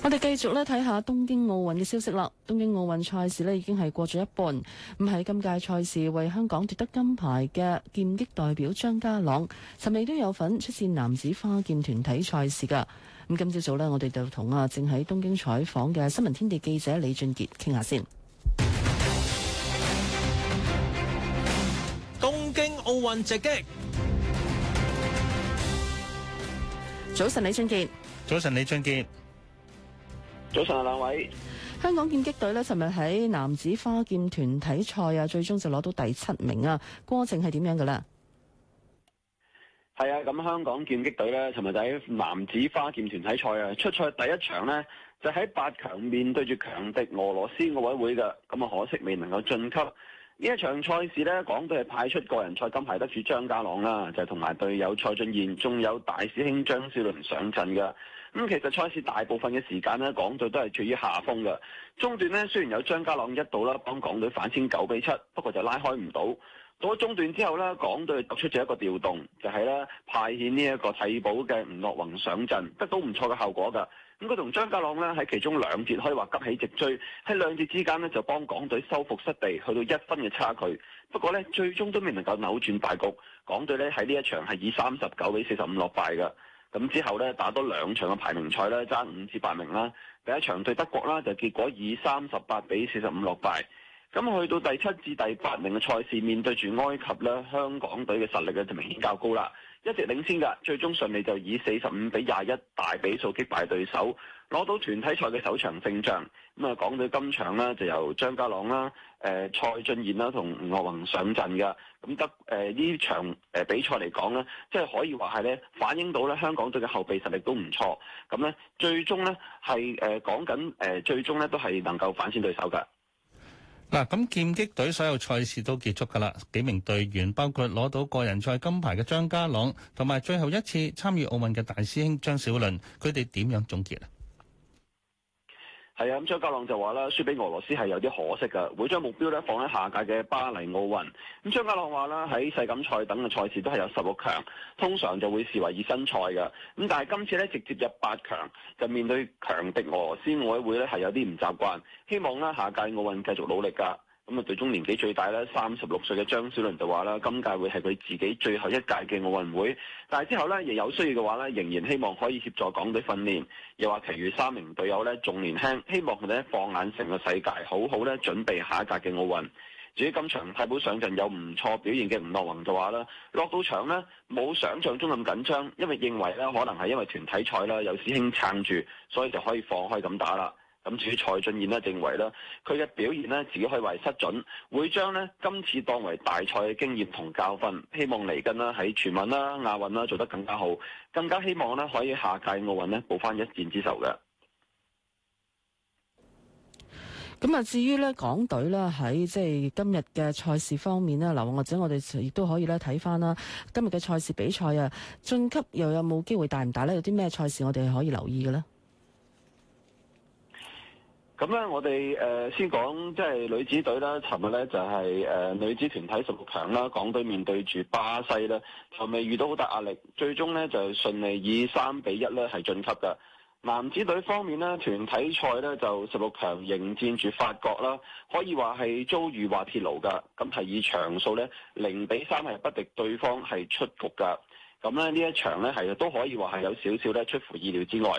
[SPEAKER 3] 我哋繼續咧睇下東京奧運嘅消息啦。東京奧運賽事呢，已經係過咗一半，咁喺今屆賽事為香港奪得金牌嘅劍擊代表張家朗，尋日都有份出戰男子花劍團體賽事噶。咁今朝早呢，我哋就同啊正喺東京採訪嘅新聞天地記者李俊杰傾下先。
[SPEAKER 14] 東京奧運直擊，
[SPEAKER 3] 早晨李俊杰，
[SPEAKER 4] 早晨李俊杰。早上啊，兩位，
[SPEAKER 3] 香港劍擊隊呢，尋日喺男子花劍團體賽啊，最終就攞到第七名啊。過程係點樣嘅咧？
[SPEAKER 19] 係啊，咁香港劍擊隊呢，尋日喺男子花劍團體賽啊，出賽第一場呢，就喺八強面對住強敵俄羅斯奧委會嘅，咁啊可惜未能夠晉級。呢一場賽事呢，港隊係派出個人賽金牌得主張家朗啦，就同埋隊友蔡俊彥，仲有大師兄張小倫上陣嘅。咁其實賽事大部分嘅時間呢，港隊都係處於下風嘅。中段呢，雖然有張家朗一度啦，幫港隊反先九比七，不過就拉開唔到。到咗中段之後呢，港隊作出咗一個調動，就係呢派遣呢一個替補嘅吳諾宏上陣，得到唔錯嘅效果㗎。咁佢同張家朗呢，喺其中兩節可以話急起直追，喺兩節之間呢，就幫港隊收復失地，去到一分嘅差距。不過呢，最終都未能夠扭轉敗局，港隊呢，喺呢一場係以三十九比四十五落敗㗎。咁之後呢，打多兩場嘅排名賽呢，爭五至八名啦。第一場對德國啦，就結果以三十八比四十五落敗。咁去到第七至第八名嘅賽事，面對住埃及呢，香港隊嘅實力呢就明顯較高啦。一直領先㗎，最終順利就以四十五比廿一大比數擊敗對手，攞到團體賽嘅首場勝仗。咁、嗯、啊，講到今場咧，就由張家朗啦、誒、呃、蔡俊賢啦同岳宏上陣㗎。咁、嗯、得誒呢、呃、場誒比賽嚟講咧，即係可以話係咧反映到咧香港隊嘅後備實力都唔錯。咁、嗯、咧，最終咧係誒講緊誒、呃、最終咧都係能夠反勝對手㗎。
[SPEAKER 4] 嗱，咁劍擊隊所有賽事都結束㗎啦，幾名隊員包括攞到個人賽金牌嘅張家朗，同埋最後一次參與奧運嘅大師兄張小倫，佢哋點樣總結啊？
[SPEAKER 19] 係啊，咁張家朗就話啦，輸俾俄羅斯係有啲可惜噶，會將目標咧放喺下屆嘅巴黎奧運。咁張家朗話啦，喺世錦賽等嘅賽事都係有十六強，通常就會視為熱身賽噶。咁但係今次咧直接入八強，就面對強敵俄羅斯奧委會咧係有啲唔習慣，希望咧下屆奧運繼續努力噶。咁啊，最終年紀最大咧，三十六歲嘅張小倫就話啦：今屆會係佢自己最後一屆嘅奧運會，但係之後咧，亦有需要嘅話咧，仍然希望可以協助港隊訓練，又話其餘三名隊友咧仲年輕，希望佢哋放眼成個世界，好好咧準備下一屆嘅奧運。至於今場太保上陣有唔錯表現嘅吳樂宏就話啦：落到場咧冇想象中咁緊張，因為認為咧可能係因為團體賽啦有師兄撐住，所以就可以放開咁打啦。咁至於蔡俊彥咧，認為呢佢嘅表現只可以話失準，會將呢今次當為大賽嘅經驗同教訓，希望嚟緊啦喺全運啦、亞運啦做得更加好，更加希望呢，可以下屆奧運呢，報翻一箭之仇嘅。
[SPEAKER 3] 咁啊，至於呢港隊咧喺即係今日嘅賽事方面呢，嗱或者我哋亦都可以咧睇翻啦今日嘅賽事比賽啊，晉級又有冇機會大唔大呢？有啲咩賽事我哋係可以留意嘅呢？
[SPEAKER 19] 咁咧，我哋誒、呃、先講，即係女子隊啦。尋日咧就係、是、誒、呃、女子團體十六強啦，港隊面對住巴西啦，仲未遇到好大壓力，最終咧就順利以三比一咧係晉級噶。男子隊方面咧，團體賽咧就十六強迎戰住法國啦，可以話係遭遇滑鐵盧噶。咁係以場數咧零比三係不敵對方係出局噶。咁咧呢一場咧係都可以話係有少少咧出乎意料之外。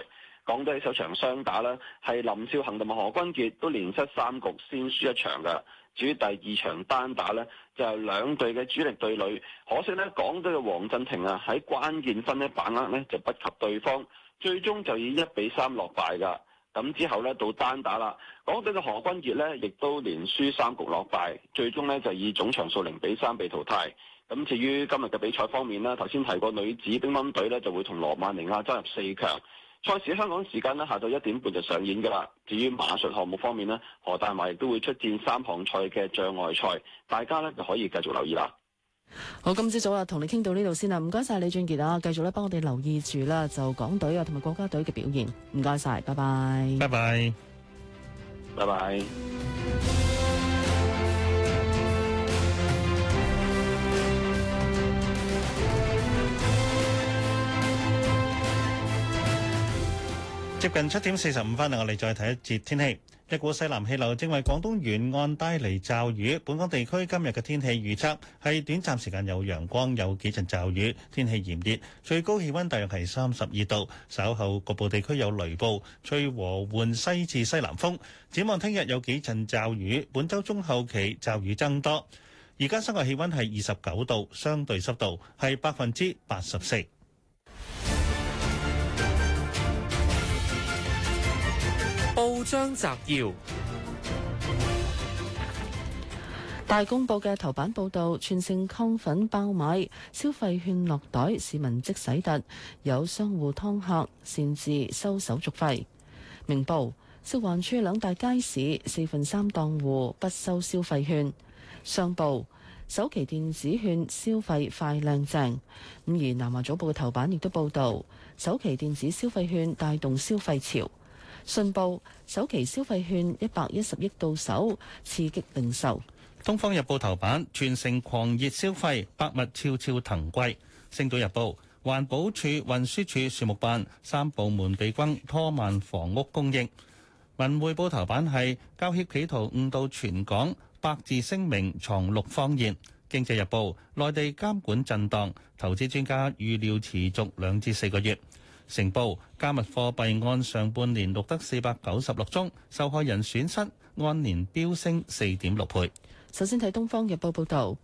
[SPEAKER 19] 港隊首場雙打咧，係林兆恒同埋何君傑都連失三局先輸一場噶。至於第二場單打呢，就兩隊嘅主力對壘，可惜呢，港隊嘅黃鎮廷啊，喺關鍵分呢，把握呢就不及對方，最終就以一比三落敗噶。咁之後呢，到單打啦，港隊嘅何君傑呢亦都連輸三局落敗，最終呢就以總場數零比三被淘汰。咁至於今日嘅比賽方面呢，頭先提過女子乒乓隊呢就會同羅馬尼亞爭入四強。賽事香港時間咧，下晝一點半就上演噶啦。至於馬術項目方面咧，何大華亦都會出戰三項賽嘅障礙賽，大家咧就可以繼續留意啦。
[SPEAKER 3] 好，今朝早啊，同你傾到呢度先啦，唔該晒李俊杰啊，繼續咧幫我哋留意住啦，就港隊啊同埋國家隊嘅表現，唔該晒，拜拜，拜拜，
[SPEAKER 4] 拜拜。拜拜接近七點四十五分啦，我哋再睇一節天氣。一股西南氣流正為廣東沿岸帶嚟驟雨，本港地區今日嘅天氣預測係短暫時間有陽光，有幾陣驟雨，天氣炎熱，最高氣温大約係三十二度。稍後局部地區有雷暴，吹和緩西至西南風。展望聽日有幾陣驟雨，本周中後期驟雨增多。而家室外氣温係二十九度，相對濕度係百分之八十四。
[SPEAKER 12] 報章摘要。
[SPEAKER 3] 大公報嘅頭版報道：全城抗粉爆買，消費券落袋，市民即洗凸，有商戶湯客，擅自收手續費。明報食環署兩大街市四分三檔戶不收消費券。商報首期電子券消費快靚正。咁而南華早報嘅頭版亦都報道：首期電子消費券帶動消費潮。信報首期消費券一百一十億到手，刺激零售。
[SPEAKER 4] 東方日報頭版：全城狂熱消費，百物悄悄騰貴。星島日報：環保署、運輸署、樹木辦三部門被轟，拖慢房屋供應。文匯報頭版係教協企圖誤導全港，百字聲明藏六謊言。經濟日報：內地監管震盪，投資專家預料持續兩至四個月。成報加密貨幣按上半年錄得四百九十六宗，受害人損失，按年飆升四點六倍。
[SPEAKER 3] 首先睇《東方日報》報導，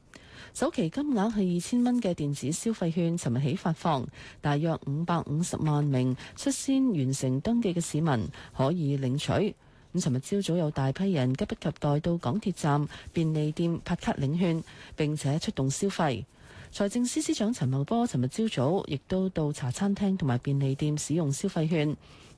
[SPEAKER 3] 首期金額係二千蚊嘅電子消費券，尋日起發放，大約五百五十萬名率先完成登記嘅市民可以領取。咁尋日朝早有大批人急不及待到港鐵站便利店拍卡領券，並且出動消費。財政司司長陳茂波尋日朝早亦都到茶餐廳同埋便利店使用消費券，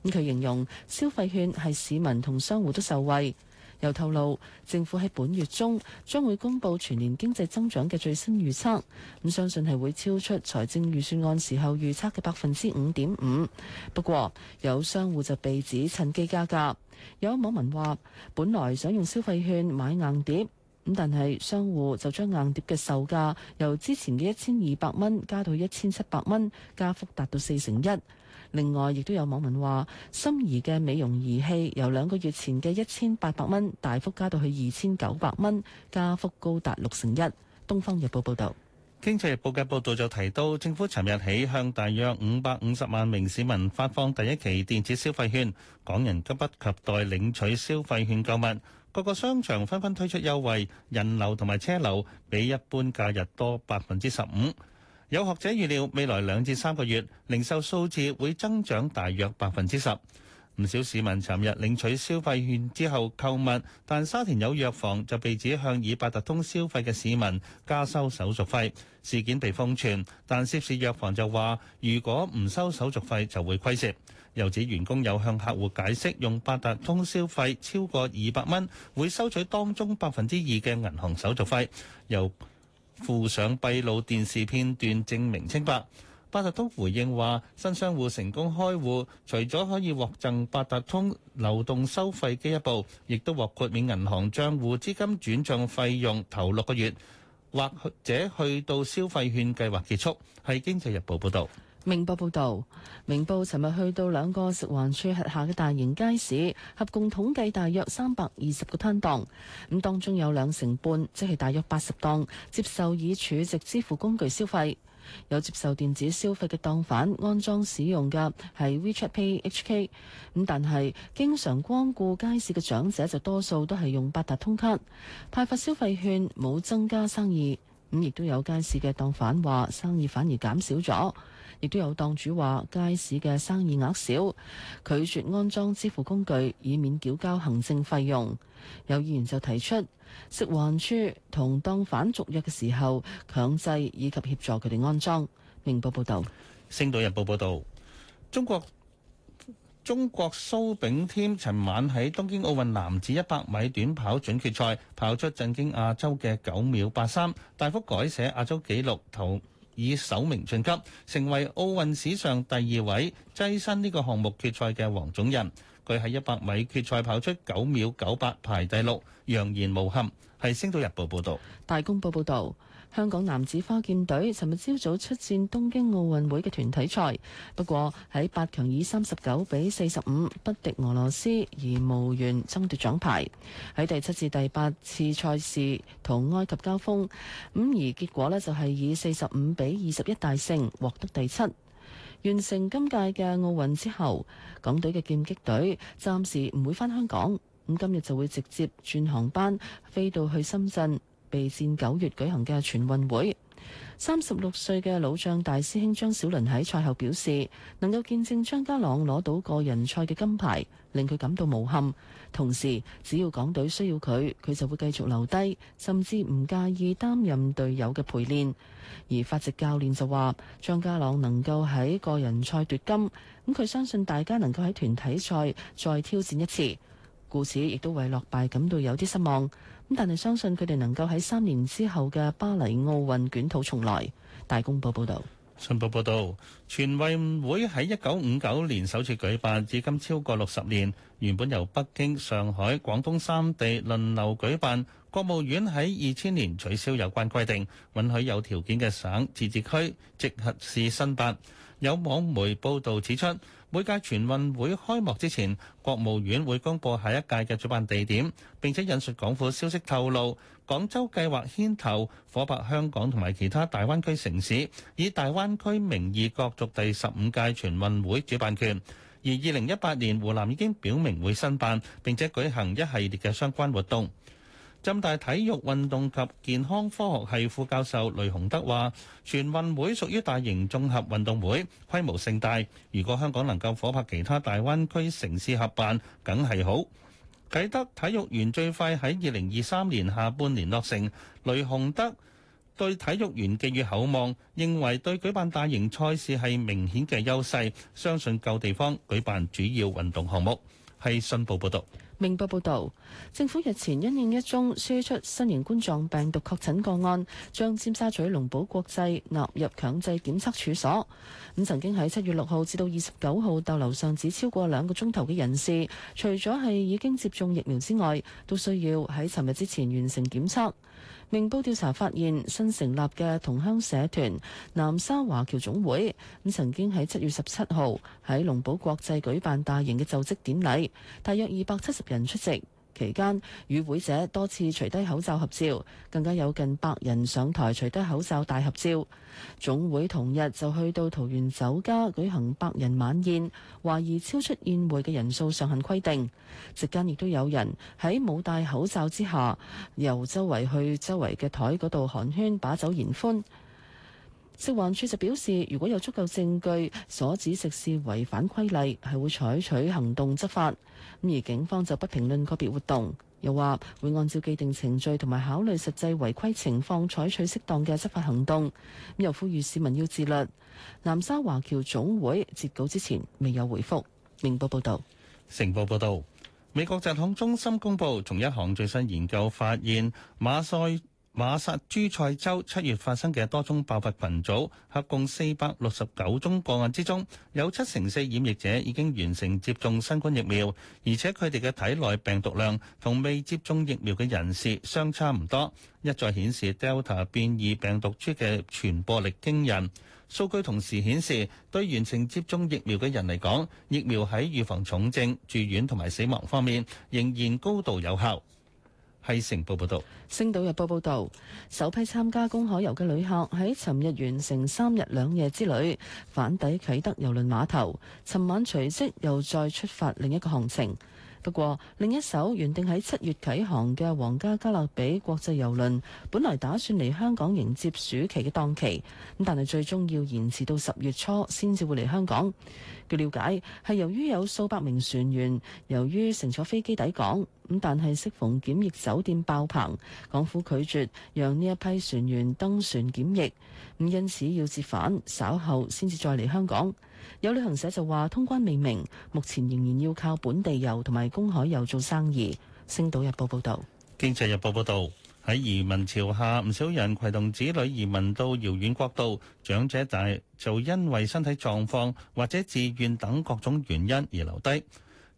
[SPEAKER 3] 咁佢形容消費券係市民同商戶都受惠。又透露政府喺本月中將會公布全年經濟增長嘅最新預測，咁相信係會超出財政預算案時候預測嘅百分之五點五。不過有商戶就被指趁機加價，有網民話本來想用消費券買硬碟。咁但係商戶就將硬碟嘅售價由之前嘅一千二百蚊加到一千七百蚊，加幅達到四成一。另外，亦都有網民話，心儀嘅美容儀器由兩個月前嘅一千八百蚊大幅加到去二千九百蚊，加幅高達六成一。《東方日報》報導，
[SPEAKER 4] 《經濟日報》嘅報導就提到，政府尋日起向大約五百五十萬名市民發放第一期電子消費券，港人急不及待領取消費券購物。各個商場紛紛推出優惠，人流同埋車流比一般假日多百分之十五。有學者預料，未來兩至三個月零售數字會增長大約百分之十。唔少市民尋日領取消費券之後購物，但沙田有藥房就被指向以八達通消費嘅市民加收手續費，事件被封存，但涉事藥房就話如果唔收手續費就會虧蝕。又指員工有向客戶解釋，用八達通消費超過二百蚊，會收取當中百分之二嘅銀行手續費，又附上閉路電視片段證明清白。八達通回應話：新商戶成功開戶，除咗可以獲贈八達通流動收費機一部，亦都獲豁免銀行帳戶資金轉賬費用頭六個月，或者去到消費券計劃結束，係《經濟日報》報導。
[SPEAKER 3] 明報報導，明報尋日去到兩個食環署轄下嘅大型街市，合共統計大約三百二十個攤檔，咁當中有兩成半，即係大約八十檔接受以儲值支付工具消費，有接受電子消費嘅檔販安裝使用嘅係 WeChat Pay HK，咁但係經常光顧街市嘅長者就多數都係用八達通卡，派發消費券冇增加生意。咁亦都有街市嘅檔販話生意反而減少咗，亦都有檔主話街市嘅生意額少，拒絕安裝支付工具以免繳交行政費用。有議員就提出食環署同檔販續約嘅時候強制以及協助佢哋安裝。明報報道，
[SPEAKER 4] 《星島日報》報導，中國。中國蘇炳添尋晚喺東京奧運男子一百米短跑準決賽跑出震驚亞洲嘅九秒八三，大幅改寫亞洲紀錄，同以首名晉級，成為奧運史上第二位躋身呢個項目決賽嘅黃種人。佢喺一百米決賽跑出九秒九八，排第六，揚言無憾。係《星島日報》報道，
[SPEAKER 3] 《大公報》報道。香港男子花劍隊尋日朝早出戰東京奧運會嘅團體賽，不過喺八強以三十九比四十五不敵俄羅斯，而無緣爭奪獎牌。喺第七至第八次賽事同埃及交鋒，咁而結果呢就係以四十五比二十一大勝，獲得第七。完成今屆嘅奧運之後，港隊嘅劍擊隊暫時唔會返香港，咁今日就會直接轉航班飛到去深圳。備戰九月舉行嘅全運會，三十六歲嘅老將大師兄張小倫喺賽後表示，能夠見證張家朗攞到個人賽嘅金牌，令佢感到無憾。同時，只要港隊需要佢，佢就會繼續留低，甚至唔介意擔任隊友嘅陪練。而法籍教練就話，張家朗能夠喺個人賽奪金，咁佢相信大家能夠喺團體賽再挑戰一次。故此，亦都為落敗感到有啲失望。咁但係相信佢哋能夠喺三年之後嘅巴黎奧運捲土重來。大公報報道，
[SPEAKER 4] 信報報道，全運會喺一九五九年首次舉辦，至今超過六十年。原本由北京、上海、廣東三地輪流舉辦。國務院喺二千年取消有關規定，允許有條件嘅省、自治區、直轄市申辦。有網媒報道指出。每屆全運會開幕之前，國務院會公布下一屆嘅主辦地點，並且引述港府消息透露，廣州計劃牽頭夥拍香港同埋其他大灣區城市，以大灣區名義角逐第十五屆全運會主辦權。而二零一八年湖南已經表明會申辦，並且舉行一系列嘅相關活動。浸大體育運動及健康科學系副教授雷洪德話：全運會屬於大型綜合運動會，規模盛大。如果香港能夠夥拍其他大灣區城市合辦，梗係好。啟德體育園最快喺二零二三年下半年落成。雷洪德對體育園寄予厚望，認為對舉辦大型賽事係明顯嘅優勢。相信夠地方舉辦主要運動項目，係信報報道。
[SPEAKER 3] 明報報導，政府日前因應一宗輸出新型冠狀病毒確診個案，將尖沙咀龍堡國際納入強制檢測處所。咁曾經喺七月六號至到二十九號逗留上只超過兩個鐘頭嘅人士，除咗係已經接種疫苗之外，都需要喺尋日之前完成檢測。明報調查發現，新成立嘅同鄉社團南沙華僑總會，咁曾經喺七月十七號喺龍寶國際舉辦大型嘅就職典禮，大約二百七十人出席。期間與會者多次除低口罩合照，更加有近百人上台除低口罩戴合照。總會同日就去到桃園酒家舉行百人晚宴，懷疑超出宴會嘅人數上限規定。席間亦都有人喺冇戴口罩之下，由周圍去周圍嘅枱嗰度寒暄把酒言歡。食環署就表示，如果有足夠證據，所指食肆違反規例，係會採取行動執法。而警方就不評論個別活動，又話會按照既定程序同埋考慮實際違規情況採取適當嘅執法行動，咁又呼籲市民要自律。南沙華僑總會截稿之前未有回覆。明報報道，
[SPEAKER 4] 成報報道，美國疾控中心公布從一項最新研究發現馬賽馬薩諸塞州七月發生嘅多宗爆發群組，合共四百六十九宗個案之中，有七成四染疫者已經完成接種新冠疫苗，而且佢哋嘅體內病毒量同未接種疫苗嘅人士相差唔多，一再顯示 Delta 變異病毒株嘅傳播力驚人。數據同時顯示，對完成接種疫苗嘅人嚟講，疫苗喺預防重症、住院同埋死亡方面仍然高度有效。係《成報》報道，
[SPEAKER 3] 《星島日報》報道，首批參加公海遊嘅旅客喺尋日完成三日兩夜之旅，返抵啟德郵輪碼頭。尋晚隨即又再出發另一個行程。不過，另一艘原定喺七月啓航嘅皇家加勒比國際郵輪，本來打算嚟香港迎接暑期嘅檔期，咁但係最終要延遲到十月初先至會嚟香港。據了解，係由於有數百名船員由於乘坐飛機抵港。但係適逢檢疫酒店爆棚，港府拒絕讓呢一批船員登船檢疫，咁因此要折返，稍後先至再嚟香港。有旅行社就話通關未明，目前仍然要靠本地遊同埋公海遊做生意。星島日報報道。
[SPEAKER 4] 經濟日報報道，喺移民潮下，唔少人携同子女移民到遙遠國度，長者大就因為身體狀況或者自願等各種原因而留低。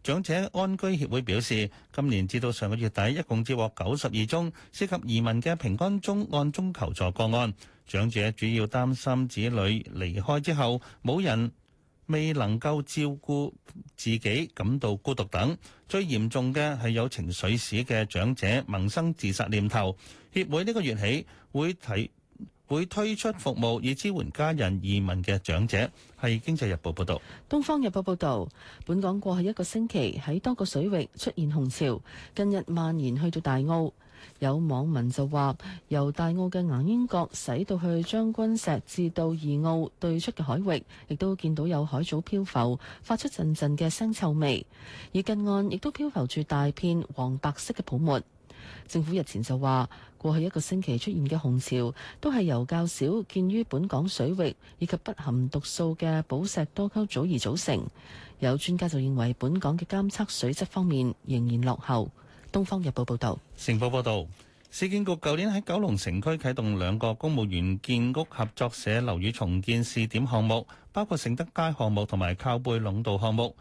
[SPEAKER 4] 長者安居協會表示，今年至到上個月底，一共接獲九十二宗涉及移民嘅平安鐘案中求助個案。長者主要擔心子女離開之後冇人未能夠照顧自己，感到孤獨等。最嚴重嘅係有情緒史嘅長者萌生自殺念頭。協會呢個月起會提。會推出服務以支援家人移民嘅長者，係《經濟日報》報道。
[SPEAKER 3] 東方日報報道，本港過去一個星期喺多個水域出現紅潮，近日蔓延去到大澳。有網民就話，由大澳嘅牙鷹角駛到去將軍石至到二澳對出嘅海域，亦都見到有海藻漂浮，發出陣陣嘅腥臭味。而近岸亦都漂浮住大片黃白色嘅泡沫。政府日前就話。過去一個星期出現嘅紅潮，都係由較少見於本港水域以及不含毒素嘅寶石多溝藻而組成。有專家就認為，本港嘅監測水質方面仍然落後。《東方日報》報道。
[SPEAKER 4] 成報報道，市建局舊年喺九龍城區啟動兩個公務員建屋合作社樓宇重建試點項目，包括盛德街項目同埋靠背龍道項目。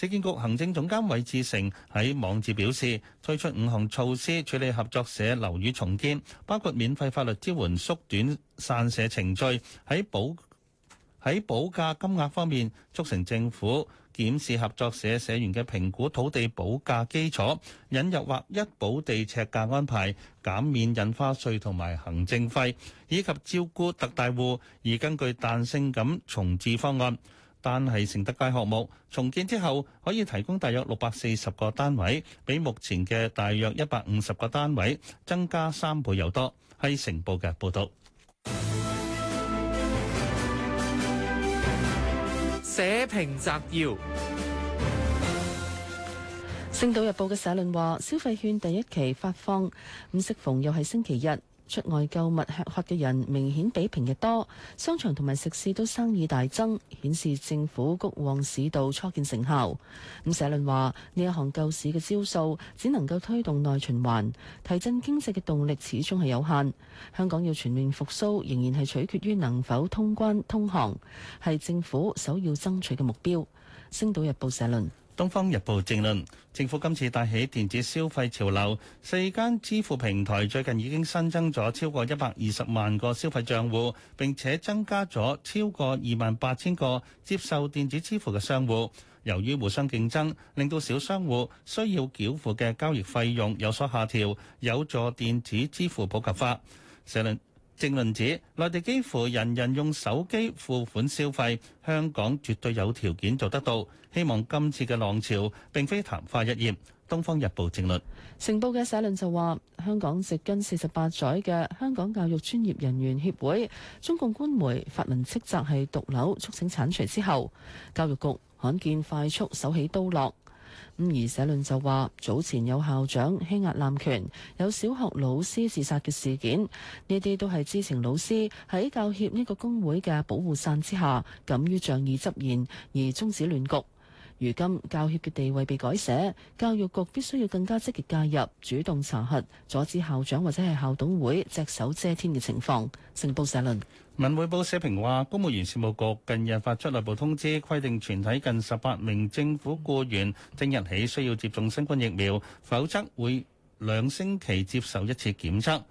[SPEAKER 4] 市建局行政總監韋志成喺網誌表示，推出五項措施處理合作社樓宇重建，包括免費法律支援、縮短散社程序、喺保喺保價金額方面促成政府檢視合作社社員嘅評估土地保價基礎、引入劃一保地呎價安排、減免印花稅同埋行政費，以及照顧特大戶而根據彈性咁重置方案。但係，誠德街項目重建之後，可以提供大約六百四十個單位，比目前嘅大約一百五十個單位增加三倍有多。係成報嘅報導。
[SPEAKER 3] 社評摘要。《星島日報》嘅社論話：消費券第一期發放，唔適逢又係星期日。出外購物吃喝嘅人明顯比平日多，商場同埋食肆都生意大增，顯示政府谷旺市道初見成效。咁社論話呢一行救市嘅招數只能夠推動內循環，提振經濟嘅動力始終係有限。香港要全面復蘇，仍然係取決於能否通關通航，係政府首要爭取嘅目標。《星島日報》社論。
[SPEAKER 4] 《東方日報》正論：政府今次帶起電子消費潮流，四間支付平台最近已經新增咗超過一百二十萬個消費帳戶，並且增加咗超過二萬八千個接受電子支付嘅商戶。由於互相競爭，令到小商戶需要繳付嘅交易費用有所下調，有助電子支付普及化。，政論指內地幾乎人人用手機付款消費，香港絕對有條件做得到，希望今次嘅浪潮並非曇花一現。東方日報政論。
[SPEAKER 3] 成報嘅社論就話香港直根咁而社論就話，早前有校長欺壓濫權，有小學老師自殺嘅事件，呢啲都係知情老師喺教協呢個工會嘅保護傘之下，敢於仗義執言而終止亂局。如今教協嘅地位被改寫，教育局必須要更加積極介入，主動查核，阻止校長或者係校董會隻手遮天嘅情況。成報社論，
[SPEAKER 4] 文匯報社評話，公務員事務局近日發出內部通知，規定全體近十八名政府雇員，正日起需要接種新冠疫苗，否則會兩星期接受一次檢測。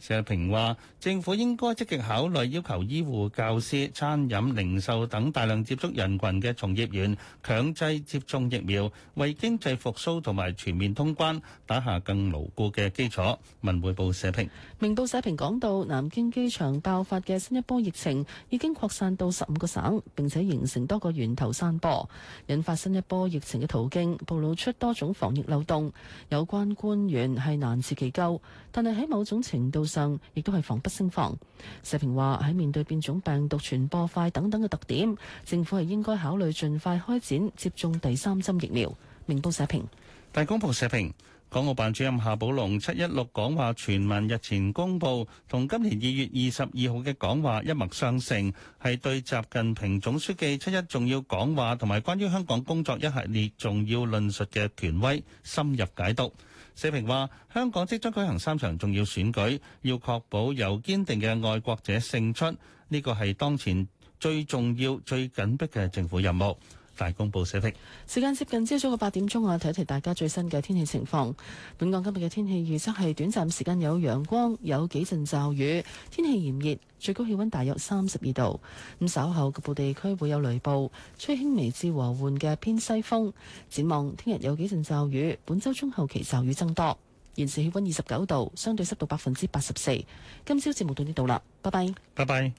[SPEAKER 4] 社評話：政府應該積極考慮要求醫護、教師、餐飲、零售等大量接觸人群嘅從業員強制接種疫苗，為經濟復甦同埋全面通關打下更牢固嘅基礎。文匯報社評。
[SPEAKER 3] 明報社評講到南京機場爆發嘅新一波疫情已經擴散到十五個省，並且形成多個源頭散播，引發新一波疫情嘅途徑暴露出多種防疫漏洞。有關官員係難辭其咎，但係喺某種程度上，亦都係防不勝防。社評話喺面對變種病毒傳播快等等嘅特點，政府係應該考慮盡快開展接種第三針疫苗。明報社評。大公報社評。
[SPEAKER 4] 港澳辦主任夏寶龍七一六講話全文日前公布，同今年二月二十二號嘅講話一脈相承，係對習近平總書記七一重要講話同埋關於香港工作一系列重要論述嘅權威深入解讀。社評話，香港即將舉行三場重要選舉，要確保由堅定嘅愛國者勝出，呢、這個係當前最重要、最緊迫嘅政府任務。大公報社
[SPEAKER 3] 的時間接近朝早嘅八點鐘啊，睇一睇大家最新嘅天氣情況。本港今日嘅天氣預測係短暫時間有陽光，有幾陣驟雨，天氣炎熱，最高氣温大約三十二度。咁稍後局部地區會有雷暴，吹輕微至和緩嘅偏西風。展望聽日有幾陣驟雨，本周中後期驟雨增多。現時氣温二十九度，相對濕度百分之八十四。今朝節目到呢度啦，拜拜。
[SPEAKER 17] 拜拜。